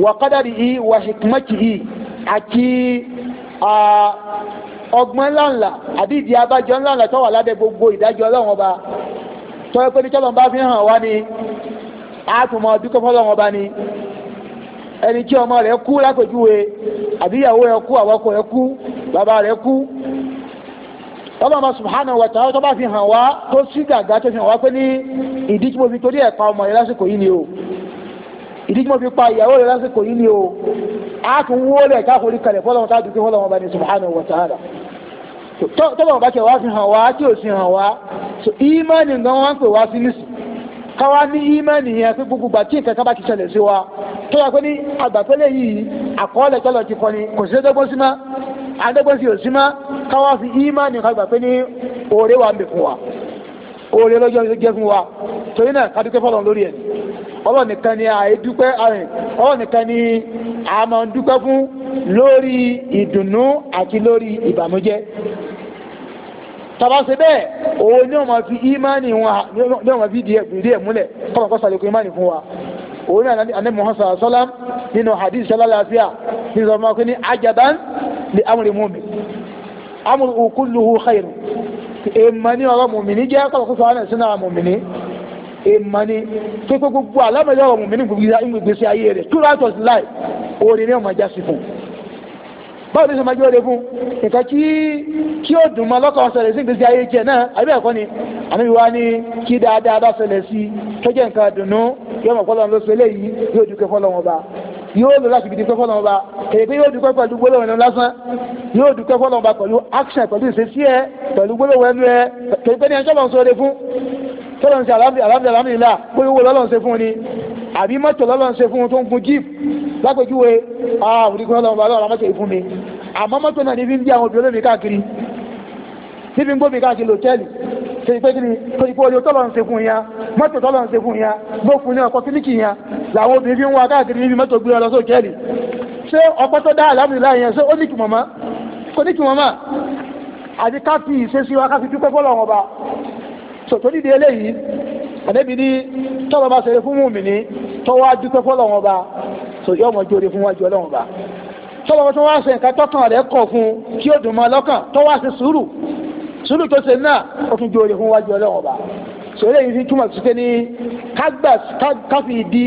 wa qadarihi wa hikmatihi àti ọgbọ́n ńláńlá àbí ìdí abájọ ńláńlá tó wà lábẹ́ gbogbo ìdájọ́ ọlọ́run ọba tọ́wọ́ pé ní tọ́lọ̀ ń bá fi hàn wá ni àtùmọ̀ dúkọ́ fọ́lọ́ wọn bá ni ẹni tí ọmọ rẹ̀ kú lápèjúwe àbí ìyàwó rẹ̀ kú àwọkọ rẹ̀ kú bàbá rẹ̀ kú ọmọ subhanahu wa ta'ala tó bá fi hàn wá tó sí gàgà tó fi hàn wá pé ní ìdí tí mo fi torí ni o tọ́lọ̀ bá ṣe wá sí hàn wá tí ò sí hàn wá ìmánì gan wọ́n ń pè wá sí nísìn káwá ní ìmánì yẹn pé gbogbo gbà tí nǹkan ká bá ti ṣẹlẹ̀ sí wa tó yà pé ní àgbàpẹ́lẹ̀ yìí àkọọ́lẹ̀ tọ́lọ̀ ti kọ́ ni kò sí dọ́gbọ́n sí má àdọ́gbọ́n sí ò sí má káwá fi ìmánì ká gbà pé ní òòrè wa ń bẹ fún wa oore lọ́jọ́ jẹ́ fún wa torí náà ká dúpẹ́ fọlọ́n lórí ẹ̀ ọlọ́run nìkan ni àìdúpẹ́ àrìn ọlọ́run nìkan ni a máa ń dúpẹ́ fún lórí ìdùnnú àti lórí ìbànújẹ́ tabase bẹ́ẹ̀ òun ni wọ́n máa fi ìmánì wọn ni wọ́n máa fi díẹ̀ múlẹ̀ kọ́mọ̀ kọ́ sàlékún ìmánì fún wa òun náà anabi muhammad sallallahu nínú hadith sallallahu alaihi ní sọ ma ko ajaban li amri mu'min amru kulluhu khairu èèmọ̀ ní ọ̀rọ̀ mùmìnì jẹ́ kọ̀ọ̀kọ̀ sọ̀rọ̀ náà sínú àwọn mùmìnì èèmọ̀ ní pé pé gbogbo àlámọ̀lé ọ̀rọ̀ mùmìnì gbèsè ayé Two throughout his life oore ní ọmọ ajá sí fún báwo ni sọ ma jẹ́ oore fún nǹkan kí kí ó dùn mọ́ lọ́kàn ọ̀sẹ̀ sí gbèsè ayé jẹ náà àbí ẹ̀kọ́ ni àmì wa ni kí dáadáa bá ṣẹlẹ̀ sí tó jẹ́ nǹkan dùnú yọmọ fọlọ́n ló ṣe eléyìí yóò dúkẹ́ fọlọ́n ọba yóò lò láti fi dúpẹ́ fọlọ́n ọba èyí pé yóò dúpẹ́ pẹ̀lú gbólóhùn ẹnu lásán yóò dúpẹ́ fọlọ́n ọba pẹ̀lú action pẹ̀lú ìṣesí ẹ pẹ̀lú gbólóhùn ẹnu ẹ kèyí pé ní ẹjọ́ lọ́n sóore fún tọ́lọ́ ń ṣe alábìlẹ̀ alábìlẹ̀ ńlá pé owó lọ́lọ́n ṣe fún ni àbí mọ́tò lọ́lọ́n ṣe fún tó ń gun jíìpù lápèjúwe àwọn ah, òdìgbò lọ́lọ́n ọba lọ́wọ́ àmọ́ mọ́tò náà ní fi ń bí àwọn obìnrin káàkiri síbi ń gbóbi káàkiri lòtẹ́ẹ̀lì ṣe ìpé kiri tó ìpé orí tọ́lọ̀ ń ṣe ya mọ́tò tọ́lọ̀ ń ṣe ya gbófin ní ọkọ̀ kíníkì ya làwọn obìnrin fi ń wá káàkiri níbi mọ́tò gbé ọlọ́sọ̀ òtẹ́ẹ̀lì ṣé ọkọ̀ tó dá alhamdulillah yẹn ṣé ó ní kì mọ̀mọ́ kò ní kì mọ̀mọ́ àti ká fi ìṣesí wa ká fi dúpẹ́ fọ́lọ̀ wọn ba sòtò nídìí eléyìí àdébí ní tọ́lọ̀ bá ṣeré fún mùmìnì tọ́wọ́ á dúpẹ́ fọ́lọ̀ wọn ba yóò mọ̀ jóore fún wájú ọlọ́run ba tọ́lọ̀ wọn tó wá ṣe nǹkan tọ́kàn rẹ̀ kọ̀ fún kí ó dùn mọ́ lọ́kàn tọ́wọ́ á sùúrù sùúrù tó ṣe náà ó tún jóore fún wájú ọlọ́run ọba sòrè yìí fi túmọ̀ sí pé ní káfí di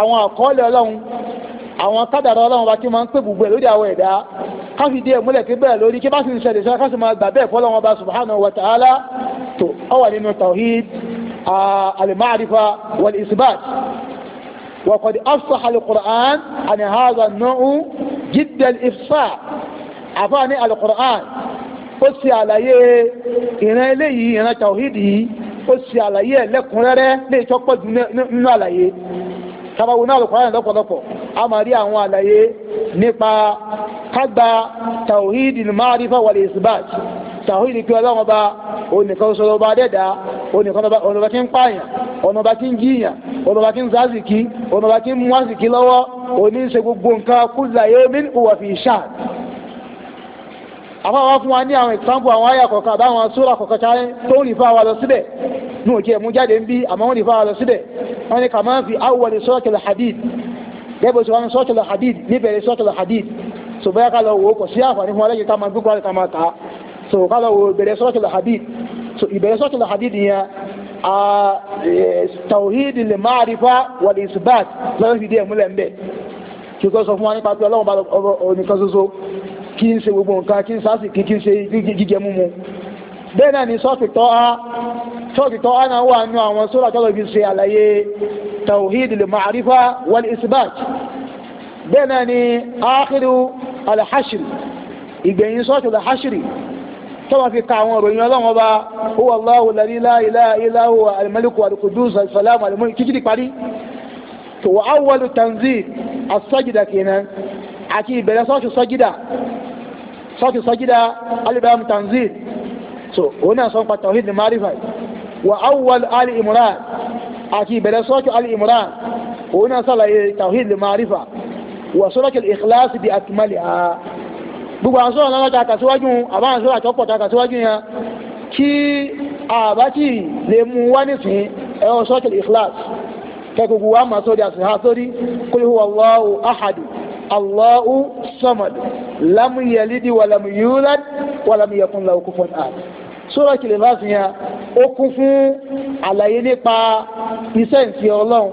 àwọn àkọọ́lẹ̀ ọlọ́run àwọn kádàrá ọlọ́run ọba tí máa ń pè gbogbo ẹ̀ lórí àwọn ẹ̀dá káfí di ẹ̀múlẹ̀ kí bẹ́ẹ̀ lórí kí bá sì ń ṣẹlẹ̀ sọ́ra káfí máa gbà bẹ́ẹ̀ fọ́lọ́run ọba subhanahu wa ta'ala tó ọ wà nínú tawhid al-ma'rifa wal-isbat وقد أفصح القرآن عن هذا النوع جد الإفصاح عفاني القرآن ó ṣe àlàyé ìran eléyìí ìran tàwíìdì yìí ó ṣe àlàyé ẹ̀ lẹ́kùnrẹ́rẹ́ lè tó pọ̀ jù nínú àlàyé tabawo náà lọ́kọ̀ọ́ àyàn lọ́pọ̀lọpọ̀ a máa rí àwọn àlàyé nípa kágbà tàwíìdì máàrífà wal isbat tàwíìdì pé ọlọ́run ọba onìkan ṣoṣo ọba dẹ́dà onìkan ọ̀nàbà tí ń pààyàn ọ̀nàbà tí ń jiyàn ọ̀nàbà tí ń zazìkí ọ̀nàbà tí ń mú àsìkí lọ́wọ́ oníṣe gbogbo nǹkan kúzà àfa wa fún wa ní àwọn example àwọn àyà kọ̀ọ̀kan àbáwọn sóra kọ̀ọ̀kan tá tó ń rìfà wa lọ síbẹ̀ ní òjì ẹ̀mú jáde ń bí àmọ́ ń rìfà wa lọ síbẹ̀ wọ́n ní kàmá fi awwal suratul hadid gẹ́gbẹ́ sọ wọn suratul hadid níbẹ̀rẹ̀ suratul hadid so bóyá ká lọ wò ó kò sí àǹfààní fún wa lẹ́yìn ká máa gbé kúrò ká máa kà á so ká lọ wò ìbẹ̀rẹ̀ suratul hadid so ìbẹ̀rẹ̀ suratul hadid yẹn a tawhid lil ma'rifa wal isbat lọ́wọ́ fi dé ẹ̀mú lẹ́ńbẹ̀ kí kò sọ fún wa nípa pé ọlọ́run bá ọ nìkan kí n ṣe gbogbo nǹkan kí n sásìkí kí n ṣe jíjẹ múmu bẹ́ẹ̀ náà ni sọ́ọ̀tì tọ́ á sọ́ọ̀tì tọ́ á náà wà nínú àwọn sóra tọ́lọ̀ fi ṣe àlàyé tawhid al-ma'rifa wal isbat bẹ́ẹ̀ náà ni akhiru al-hashr ìgbẹ̀yìn sọ́ọ̀tì al-hashr tọ́wọ́ fi ka àwọn ìròyìn ọlọ́run ọba huwa Allahu alladhi la ilaha illa huwa al-maliku al-qudus al parí tó wà awwalu tanzil as kenan àti ìbẹ̀rẹ̀ sọ́ọ̀tù sọ́jídà sọ́ọ̀tù sọ́jídà alibam tanzil so òun náà sọ́n pa tawhid ní marifa wa awwal ali imran àti ìbẹ̀rẹ̀ sọ́ọ̀tù ali imran òun náà sàlàyé tawhid ní marifa wa suratul ikhlas bi akmaliha gbogbo àwọn sọ́ọ̀tù náà ta kàṣíwájú àbáwọn sọ́ọ̀tù àtọ́pọ̀ ta kàṣíwájú yẹn kí àbátì lè mú wá nísìnyí ẹ̀rọ sọ́ọ̀tù ikhlas kẹ́kọ̀ọ́ wa máa sórí àṣìhá sórí kul huwa Allahu Allahu samad lam yalidi wa lam yulad wa lam yakun lahu kufuwan ahad sura Ikhlas yẹn ó kún fún àlàyé nípa iṣẹ́ ìfi ọlọ́run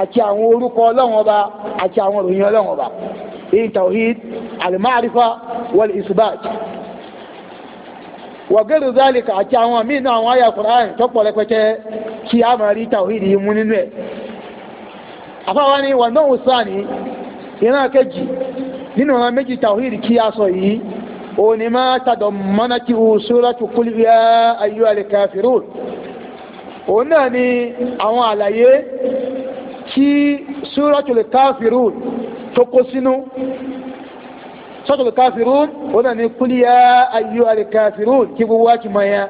àti àwọn orúkọ ọlọ́run ọba àti àwọn òròyìn ọlọ́run ọba èyí tawhid al-ma'rifa wal isbat wàgẹ́rù zálìkà àti àwọn àmì náà àwọn àyà Qur'an tọ́pọ̀ rẹpẹtẹ kí a máa rí tawhid yìí mú nínú ẹ̀ àfáwọn ni wàndọ́wùsáà ni ìran kejì nínú àwọn méjì tàwíìrì kí a sọ yìí òní máa tàdọ̀ mọ́nàkì suratu qul ya ka kafirun O náà ni àwọn àlàyé kí suratul kafirun tó kó sínú suratul kafirun o náà ni qul ya ayyuhal kafirun kí gbogbo wá kì mọ́ ya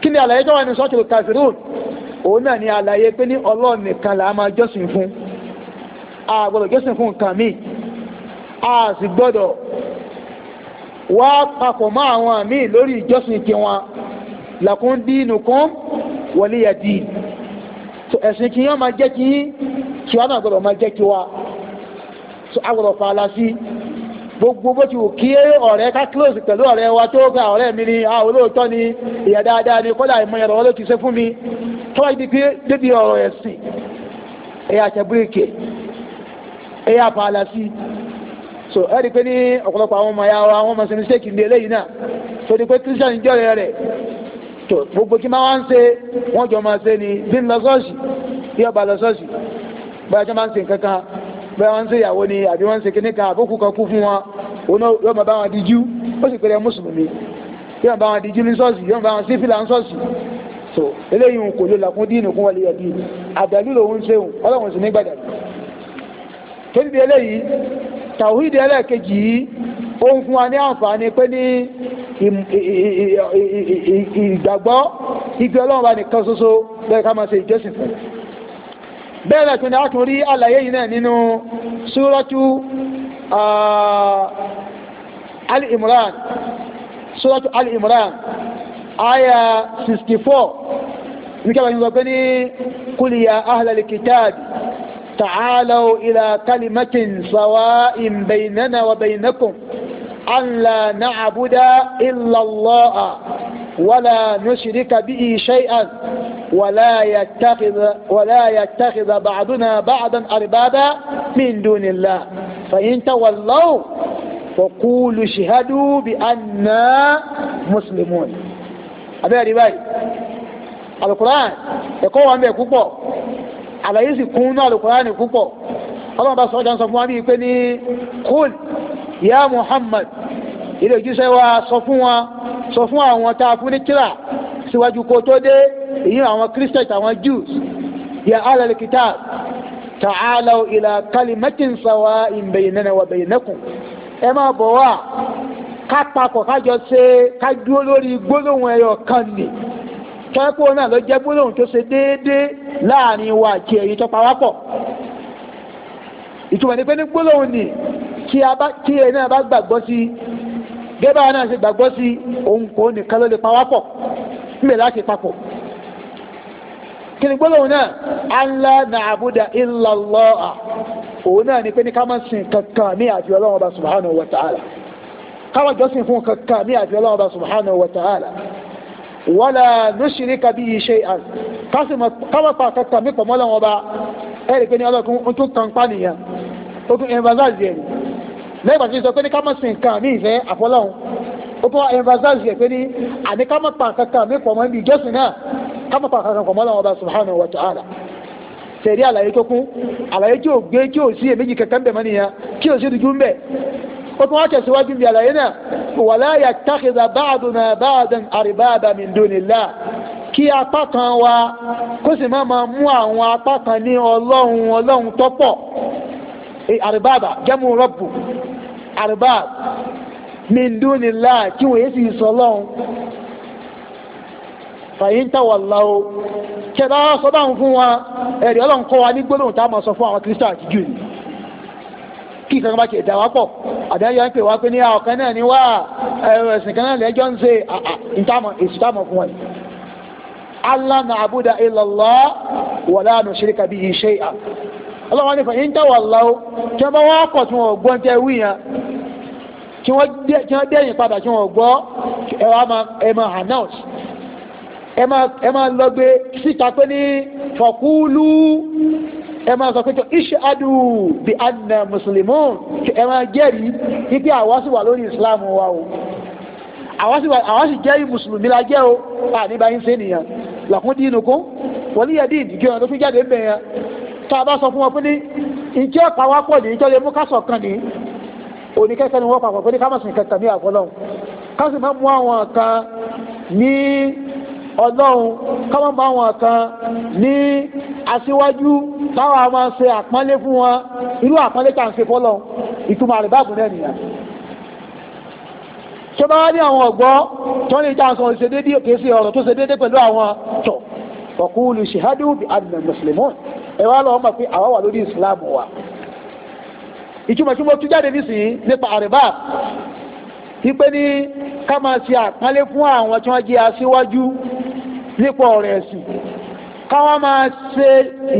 kí ni àlàyé tó wà ní kafirun o náà ni àlàyé pé ní ọlọ́ọ̀nìkan là á máa jọ́sìn fún un. a gbọ́dọ̀ jọ́sìn fún nǹkan mi a sì gbọ́dọ̀ wá papọ̀ mọ́ àwọn míì lórí ìjọ́sìn tiwọn lakum dinukum waliya din ẹ̀sìn kìí máa jẹ́ kí tiwa náà gbọ́dọ̀ máa jẹ́ tiwa a gbọ́dọ̀ fa ala sí gbogbo bó ti wù kí ọ̀rẹ́ ká close pẹ̀lú ọ̀rẹ́ wa tó ga ọ̀rẹ́ mi ni a olóòótọ́ ni ìyá dáadáa ni kódà ìmọ̀ ẹ̀rọ ló ti ṣe fún mi tọ́wọ́ ibi pé débi ọ̀rọ̀ ẹ̀sìn ẹ̀yà àtẹ̀búrẹ́kẹ̀ ẹ yá pa so ẹ rí i pé ní ọ̀pọ̀lọpọ̀ àwọn ọmọ ya wa àwọn ọmọ sẹ́ni ṣéèkì ní eléyìí náà so ní pé kírísítẹ́nì jọ̀rẹ̀ rẹ̀ tó gbogbo kí máa ń ṣe wọ́n jọ máa ṣe ni bí ń lọ sọ́ọ̀ṣì bí ọba lọ sọ́ọ̀ṣì bóyá jọ máa ń ṣe nǹkan kan bóyá wọ́n ń ṣe ìyàwó ni àbí wọ́n ń ṣe kíní kan àbókù kan kú fún wọn òun yóò máa bá wọn di jú ó sì pèrè mùsùlùmí yóò máa bá wọn di ní sọ́ọ̀ṣì yóò máa bá wọn sí fìlà ń sọ́ọ̀ṣì so eléyìí kò lè làkún díìnì kún wọlé yẹ díìnì àdàlú lòun ń ṣe òun ọlọ́run sì ní gbàdàlú torí di eléyìí tàwídìí ẹlẹ́ẹ̀kejì yìí ó ń fún wa ní àǹfààní pé ní ìgbàgbọ́ ibi ọlọ́run bá nìkan ṣoṣo bẹ́ẹ̀ ká máa ṣe ìjọsìn fún bẹ́ẹ̀ náà tún ni a tún rí àlàyé yìí náà nínú súrọ́tù al-imran súrọ́tù al-imran aya 64 wíkẹ́ bá ní sọ pé ní kúlìyà ahlal kitabi تعالوا إلى كلمة سواء بيننا وبينكم أن لا نعبد إلا الله ولا نشرك به شيئا ولا يتخذ ولا يتخذ بعضنا بعضا أربابا من دون الله فإن تولوا فقولوا اشهدوا بأننا مسلمون هذا رواية القرآن يقول عن بيكوكو àlàyé sì kún ní Al-Qur'ani púpọ̀ ọlọ́run bá sọ́jà sọ fún wa bíi pé ní kúl ya Muhammad ilé òjíṣẹ́ wa sọ fún wa sọ fún àwọn tá a fún ní kíra síwájú kó tó dé èyí àwọn Christians àwọn Jews ya alal kitab ta'alaw ila kalimatin sawa'in baynana wa baynakum ẹ máa bọ̀ wá ká papọ̀ ká jọ ṣe ká dúró lórí gbólóhùn ẹyọ kan nìyí tọ́pọ̀ náà ló jẹ́ gbólóhùn tó ṣe déédéé láàrin wa àti èyí tó pawápọ̀ ìtumọ̀ ní pé ní gbólóhùn ni kí èyí náà bá gbàgbọ́ sí i gẹ́gẹ́ náà ṣe gbàgbọ́ sí òun kò nìkan ló lè pawápọ̀ níbẹ̀ láti papọ̀ kí ni gbólóhùn náà anla na abuda illallah òun náà ni pé ní ká máa sìn kankan ní àti ọlọ́run ọba subhanahu wa ta'ala káwọn jọ́sìn fún kankan ní àti ọlọ́run ọba subhanahu wa ta'ala wala nushrika bihi shay'an kásìmọ̀ kábàpà kankan mi pọ̀mọ́ lọ́wọ́ bá ẹ̀rì pé ní ọlọ́kun ń tún kan pa nìyẹn ó tún embassage yẹn lẹ́yìn pàtó sọ pé ní kámọ̀ sìn kan ní ìfẹ́ àfọlọ́hún ó tún embassage yẹn pé ní àní kámọ̀ pa kankan mi pọ̀mọ́ níbi ìjọsìn náà kámọ̀ pa kankan pọ̀mọ́ lọ́wọ́ bá subhanahu wa ta'ala tẹ̀rí àlàyé tó kún àlàyé tí ò gbé tí ò sí èméjì kankan bẹ̀ mọ́ nìyẹn tí ò sí dúdú ń bẹ̀ ó tún wá tẹ̀síwájú bí àlàyé náà wala yattakhidha ba'duna ba'dan arbaba min dunillah kí apá kan wa kó sì má máa mú àwọn apá kan ní ọlọ́run ọlọ́run tọ́pọ̀ arbaba jamu rabbu arbab min dunillah kí wọ́n yé sì sọ ọlọ́run fàyíntà wà láwọ kẹdà sọ báwọn fún wa ẹ̀rí ọlọ́run kọ́ wa ní gbólóhùn tá a máa sọ fún àwọn kírísítà àti júù yìí kí nǹkan bá tiẹ̀ dà wá pọ̀ àdáyọ̀ ń pè wá pé ní ọ̀kan náà ni wá ẹ̀sìn kan náà lẹ́jọ́ ń ṣe ìtàmọ̀ èsì támọ̀ fún wọn. Allah na abuda illallah wala nushrika bihi shay'a ọlọ́wọ́n ní fẹ̀yìn tẹ̀ wọ́n lọ́wọ́ kí wọ́n bá wọ́n pọ̀ tí wọ́n gbọ́n tẹ́ wí yẹn kí wọ́n dẹ́yìn padà tí wọ́n gbọ́ ẹ máa announce ẹ máa lọ gbé síta pé ní fọ̀kúlù ẹ máa sọ pé tó ishadu bi anna muslimun ẹ máa jẹ́rìí wípé àwa wà lórí islam wa o àwa sì jẹ́rìí mùsùlùmí la jẹ́ o àníbá yín ṣe nìyẹn làkún dínú kún wọlé yẹ dín ìdíjọ yẹn tó fi jáde ń bẹ yẹn tá a bá sọ fún wọn pé ní ìjẹ́ pàwápọ̀ ní ìjọ lè mú kásọ̀ kan ní oníkẹ́kẹ́ ni wọ́n papọ̀ pé ní kámọ̀sìn kẹta ní àfọlọ́hún ọlọ́run kọ́mọ́ bá wọn kan ní aṣíwájú táwọn a máa ṣe àpọ́nlé fún wọn irú àpọ́nlé tá à ń ṣe fọ́lọ́ ìtumọ̀ rẹ̀ báàbù náà nìyà tó bá ní àwọn ọ̀gbọ́ tó ní ìjà sọ ìṣedédé kèsì ọ̀rọ̀ tó ṣedédé pẹ̀lú àwọn tọ̀ ọ̀kúlù ṣèhádù bí adìmọ̀ mùsùlùmí ẹ wá lọ́wọ́ mọ̀ pé àwa wà lórí ìsìlámù wa ìtumọ̀ tí mo tú jáde nísìnyí nípa àrìbá wípé ní ká máa ṣe àpọ́nlé fún àwọn tí wọ́n jẹ́ aṣíwájú nípa ọ̀rọ̀ ẹ̀sìn káwọn máa ṣe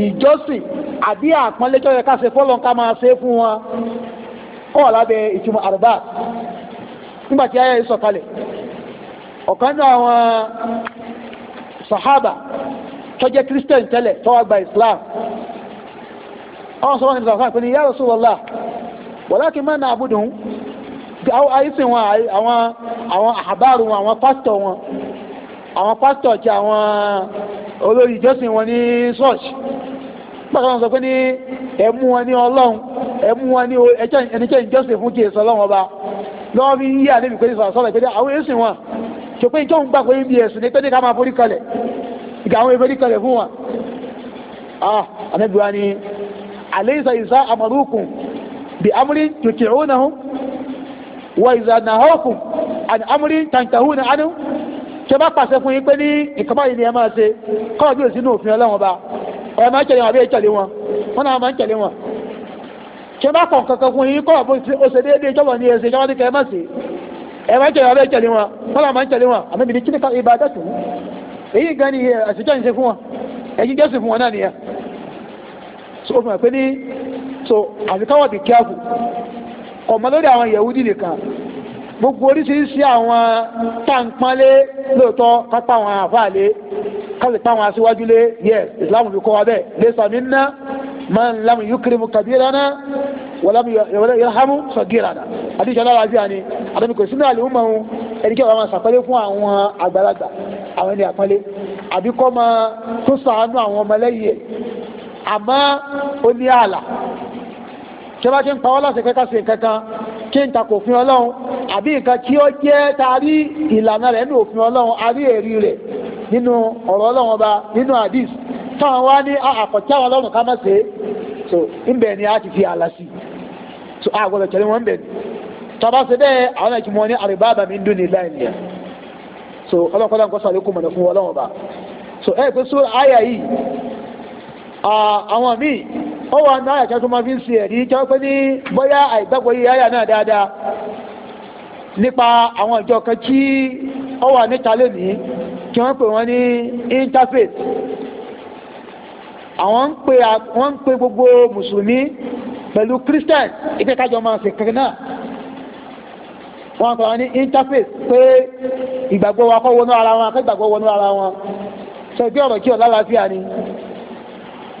ìjọsìn àbí àpọ́nlé tó ká ṣe fọ́lọ́n ká máa ṣe fún wọn wà lábẹ́ ìtumọ̀ àrùbá nígbà ayé sọ̀kalẹ̀ ọ̀kan náà àwọn sàhábà tó jẹ́ christian tẹ́lẹ̀ tó gba islam àwọn sọ́wọ́n ní sàhábà pé ya àìsìn wọn àwọn àwọn àbáàrù wọn àwọn pásítọ̀ wọn àwọn pásítọ̀ àti àwọn olórí ìjọsìn wọn ní ṣọ́ọ̀ṣì pàtàkì wọn sọ pé ní ẹ̀mú wọn ní ọlọ́run ẹ̀mú wọn ní ìjọsìn fún kí èso ọlọ́run ọba lọ́wọ́ bí yí àdébì pé sọ̀rọ̀ sọ̀rọ̀ pé àwọn èsìn wọn gbà pé ibi ẹ̀sìn ní pé ní ká máa forí kalẹ̀ ìgbà àwọn kalẹ̀ fún wọn. ni àlẹ́ ìsà ìsà bí wa iza nahawkum an amrin tantahuna anhu ṣe bá pàṣẹ fún yín pé ní ni ẹ máa ṣe kọ́ọ̀ bí òsínú òfin ọlọ́run ọba ọ̀rẹ́ máa ń tẹ̀lé wọn àbí ìtẹ̀lé wọn wọn náà máa ń tẹ̀lé wọn. ṣe bá kàn kankan fún yín kọ́ọ̀ bó ṣe déédéé jọ́bọ̀ ní ẹsẹ̀ jọ́bọ̀ ní kẹ́ ẹ má ṣe ẹ máa ń tẹ̀lé wọn àbí ìtẹ̀lé wọn wọn náà máa ń tẹ̀lé wọn àmì kí ni ká ibà dẹ́tù èyí gan ni ń ṣe fún wọn fún wọn so so àfikáwọ̀ kọ̀mọ lórí àwọn yahudi nìkan gbogbo oríṣiríṣi àwọn táǹpánlé lóòótọ́ kápá àwọn àfáàlé kásìpá àwọn aṣíwájú lé yes islam fi kọ́ wa bẹ́ẹ̀ lè sàmì ńná máa ń lamu yukirimu kabirana wàlámi yàrhamu sọgírana àdìsí alára àbí àní àdàbí kò sínú àlè ọmọ òun ẹni kí wọn máa ṣàpẹlẹ fún àwọn àgbàlagbà àwọn ẹni àpẹlẹ àbí kọ́ máa tó sàánú àwọn ọmọlẹ́yìn ẹ̀ àmọ́ ó ní ààlà ṣé bá ṣe ń pa wọ́n láṣẹ kẹ́kẹ́ sí nǹkan kan kí n takò òfin ọlọ́run àbí nǹkan tí ó jẹ́ taari ìlànà rẹ̀ nínú òfin ọlọ́run àrí èrí rẹ̀ nínú ọ̀rọ̀ ọlọ́run ọba nínú hadith táwọn wá ní ah, àkọ̀tí àwọn ọlọ́run ká má ṣe é so ńbẹ̀ ni a ti fi àlà sí so a gbọ́dọ̀ tẹ̀lé wọn bẹ̀ ni tọba ṣe bẹ́ẹ̀ àwọn ẹ̀jẹ̀ mọ́ ní àrùbáàbà mi ń dún ní láì nìyà so ọlọ́kọ́lá ń kọ́ sọ̀rọ̀ kó mọ̀nà so ẹ̀ pé sórí àyà yìí àwọn ó wà ní àyàkẹ́ tó máa fi ń ṣe ẹ̀rí jẹ́ pé ní bóyá àìgbàgbọ́ yìí àyà náà dáadáa nípa àwọn ìjọ kan tí ó wà níta lónìí kí wọ́n pè wọ́n ní interfaith àwọn ń pè wọ́n ń pè gbogbo mùsùlùmí pẹ̀lú christian ìpè kájọ máa ṣe kankan náà wọ́n pè wọ́n ní interfaith pé ìgbàgbọ́ wa kọ́ wọnú ara wọn akẹ́gbàgbọ́ wọnú ara wọn sọ ìgbé ọ̀rọ̀ kí ọ̀ lálàáfíà ni.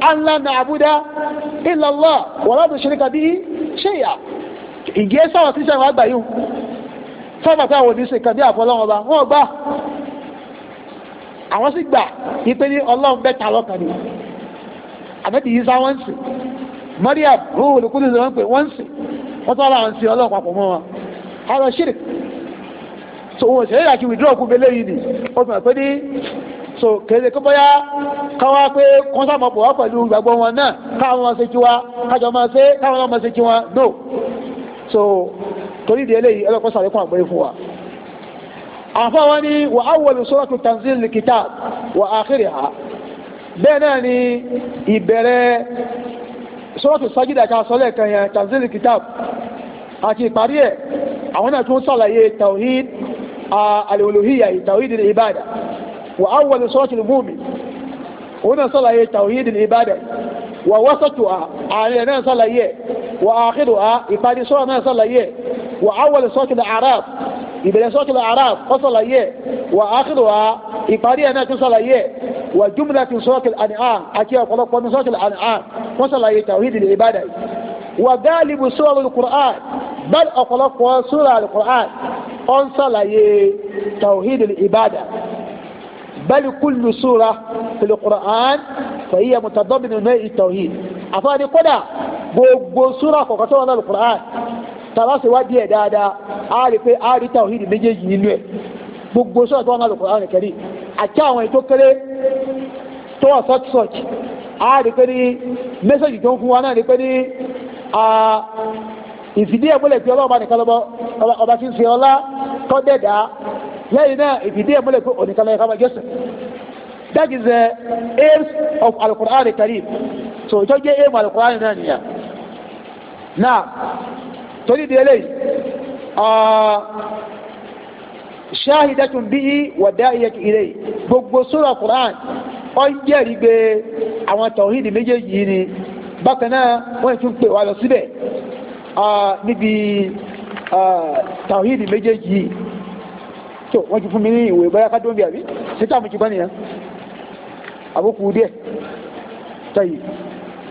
an la na'buda illa Allah wa la nushrika bihi shay'a ìgé sáwọn tí sẹ́wọ̀n àgbà yìí sáwọn àti àwọn oníṣe kan bí àfọlọ́wọ́n ọba wọn gbà àwọn sì gbà yí pé ní ọlọ́run bẹ́ẹ̀ ta lọ́kàn ni àbẹ́tì yìí sá wọ́n ń sìn Mariam òun ni wọ́n ń pè wọ́n ń sìn wọ́n tọ́ láwọn sìn ọlọ́run papọ̀ mọ́ wọn àwọn ṣírì so òun òṣèré yà kí withdraw ni ó fi hàn pé ní so kéde kó bóyá káwá pé kọ́ńsàmọ́pọ̀ wá pẹ̀lú ìgbàgbọ́ wọn náà káwọn máa ṣe kí wa kájọ máa ṣe káwọn máa ṣe kí wọn no so torí ìdí eléyìí ẹlọ́kọ́ sàlékún àgbẹ̀rẹ̀ fún wa àfa wọn ni wà awwalu suratu tanzil kitab wà akhiriha bẹ́ẹ̀ náà ni ìbẹ̀rẹ̀ suratu sajida ká sọ́lẹ̀ kan yẹn tanzil kitab àti ìparí ẹ̀ àwọn náà tún sàlàyé tawhid al-uluhiyya tawhid al-ibada wa awwal suratul mu'min wannan sàlàyé tawhidul ibada wa wasatuha àárín náà sàlàyé wa akhiruha ìparí sura náà sàlàyé wa awwal suratul a'raf ìbẹ̀rẹ̀ suratul a'raf ó sàlàyé wa akhiruha ìparí náà tún sàlàyé wa jumlatul suratul an'am àti ọ̀pọ̀lọpọ̀ ní suratul an'am wọ́n sàlàyé tawhidul ibada wa ghalibu suratul qur'an bal ọ̀pọ̀lọpọ̀ sura al-qur'an ó ń sàlàyé tawhidul ibada بل كل سورة في القرآن فهي متضمن ماء التوحيد أفاني قدا gbogbo súra kọ̀ọ̀kan tó wà lọ́nà Qur'an tàbá sì wá díẹ̀ dáadáa a rí pé a rí tàwíìdì méjèèjì nínú ẹ̀ gbogbo súra tó wà lọ́nà Qur'an kẹrí àti àwọn ètò kéré tó wà sọ́ọ̀tì a rí pé ní mẹ́sẹ̀jì tó ń fún wa náà rí pé ní ìfìdí ẹ̀ múlẹ̀ tí ọlọ́ọ̀bá nìkan ọba ti ń ṣe ọlá kọ́ dẹ̀dá lẹ́yìn náà ìfìdí ẹ̀ múlẹ̀ pé oníkanlẹ̀ ìkàmà jésù that is the aim of alukur'an karim so ìjọ jẹ́ aim alukur'an náà nìyà náà torí di eléyìí ṣáhìdátun uh, bíi wàdáìyàtun ilayhi gbogbo sura alukur'an ó ń jẹ́rìí pé àwọn tàwíìdì méjèèjì yìí ni bákan náà wọ́n tún pè wá lọ síbẹ̀ uh, níbi uh, tàwíìdì méjèèjì yìí so wọ́n ti fún mi ní ìwé báyá ká dóńbì àbí títà mi ti bá nìyẹn àbókù díẹ̀ tayi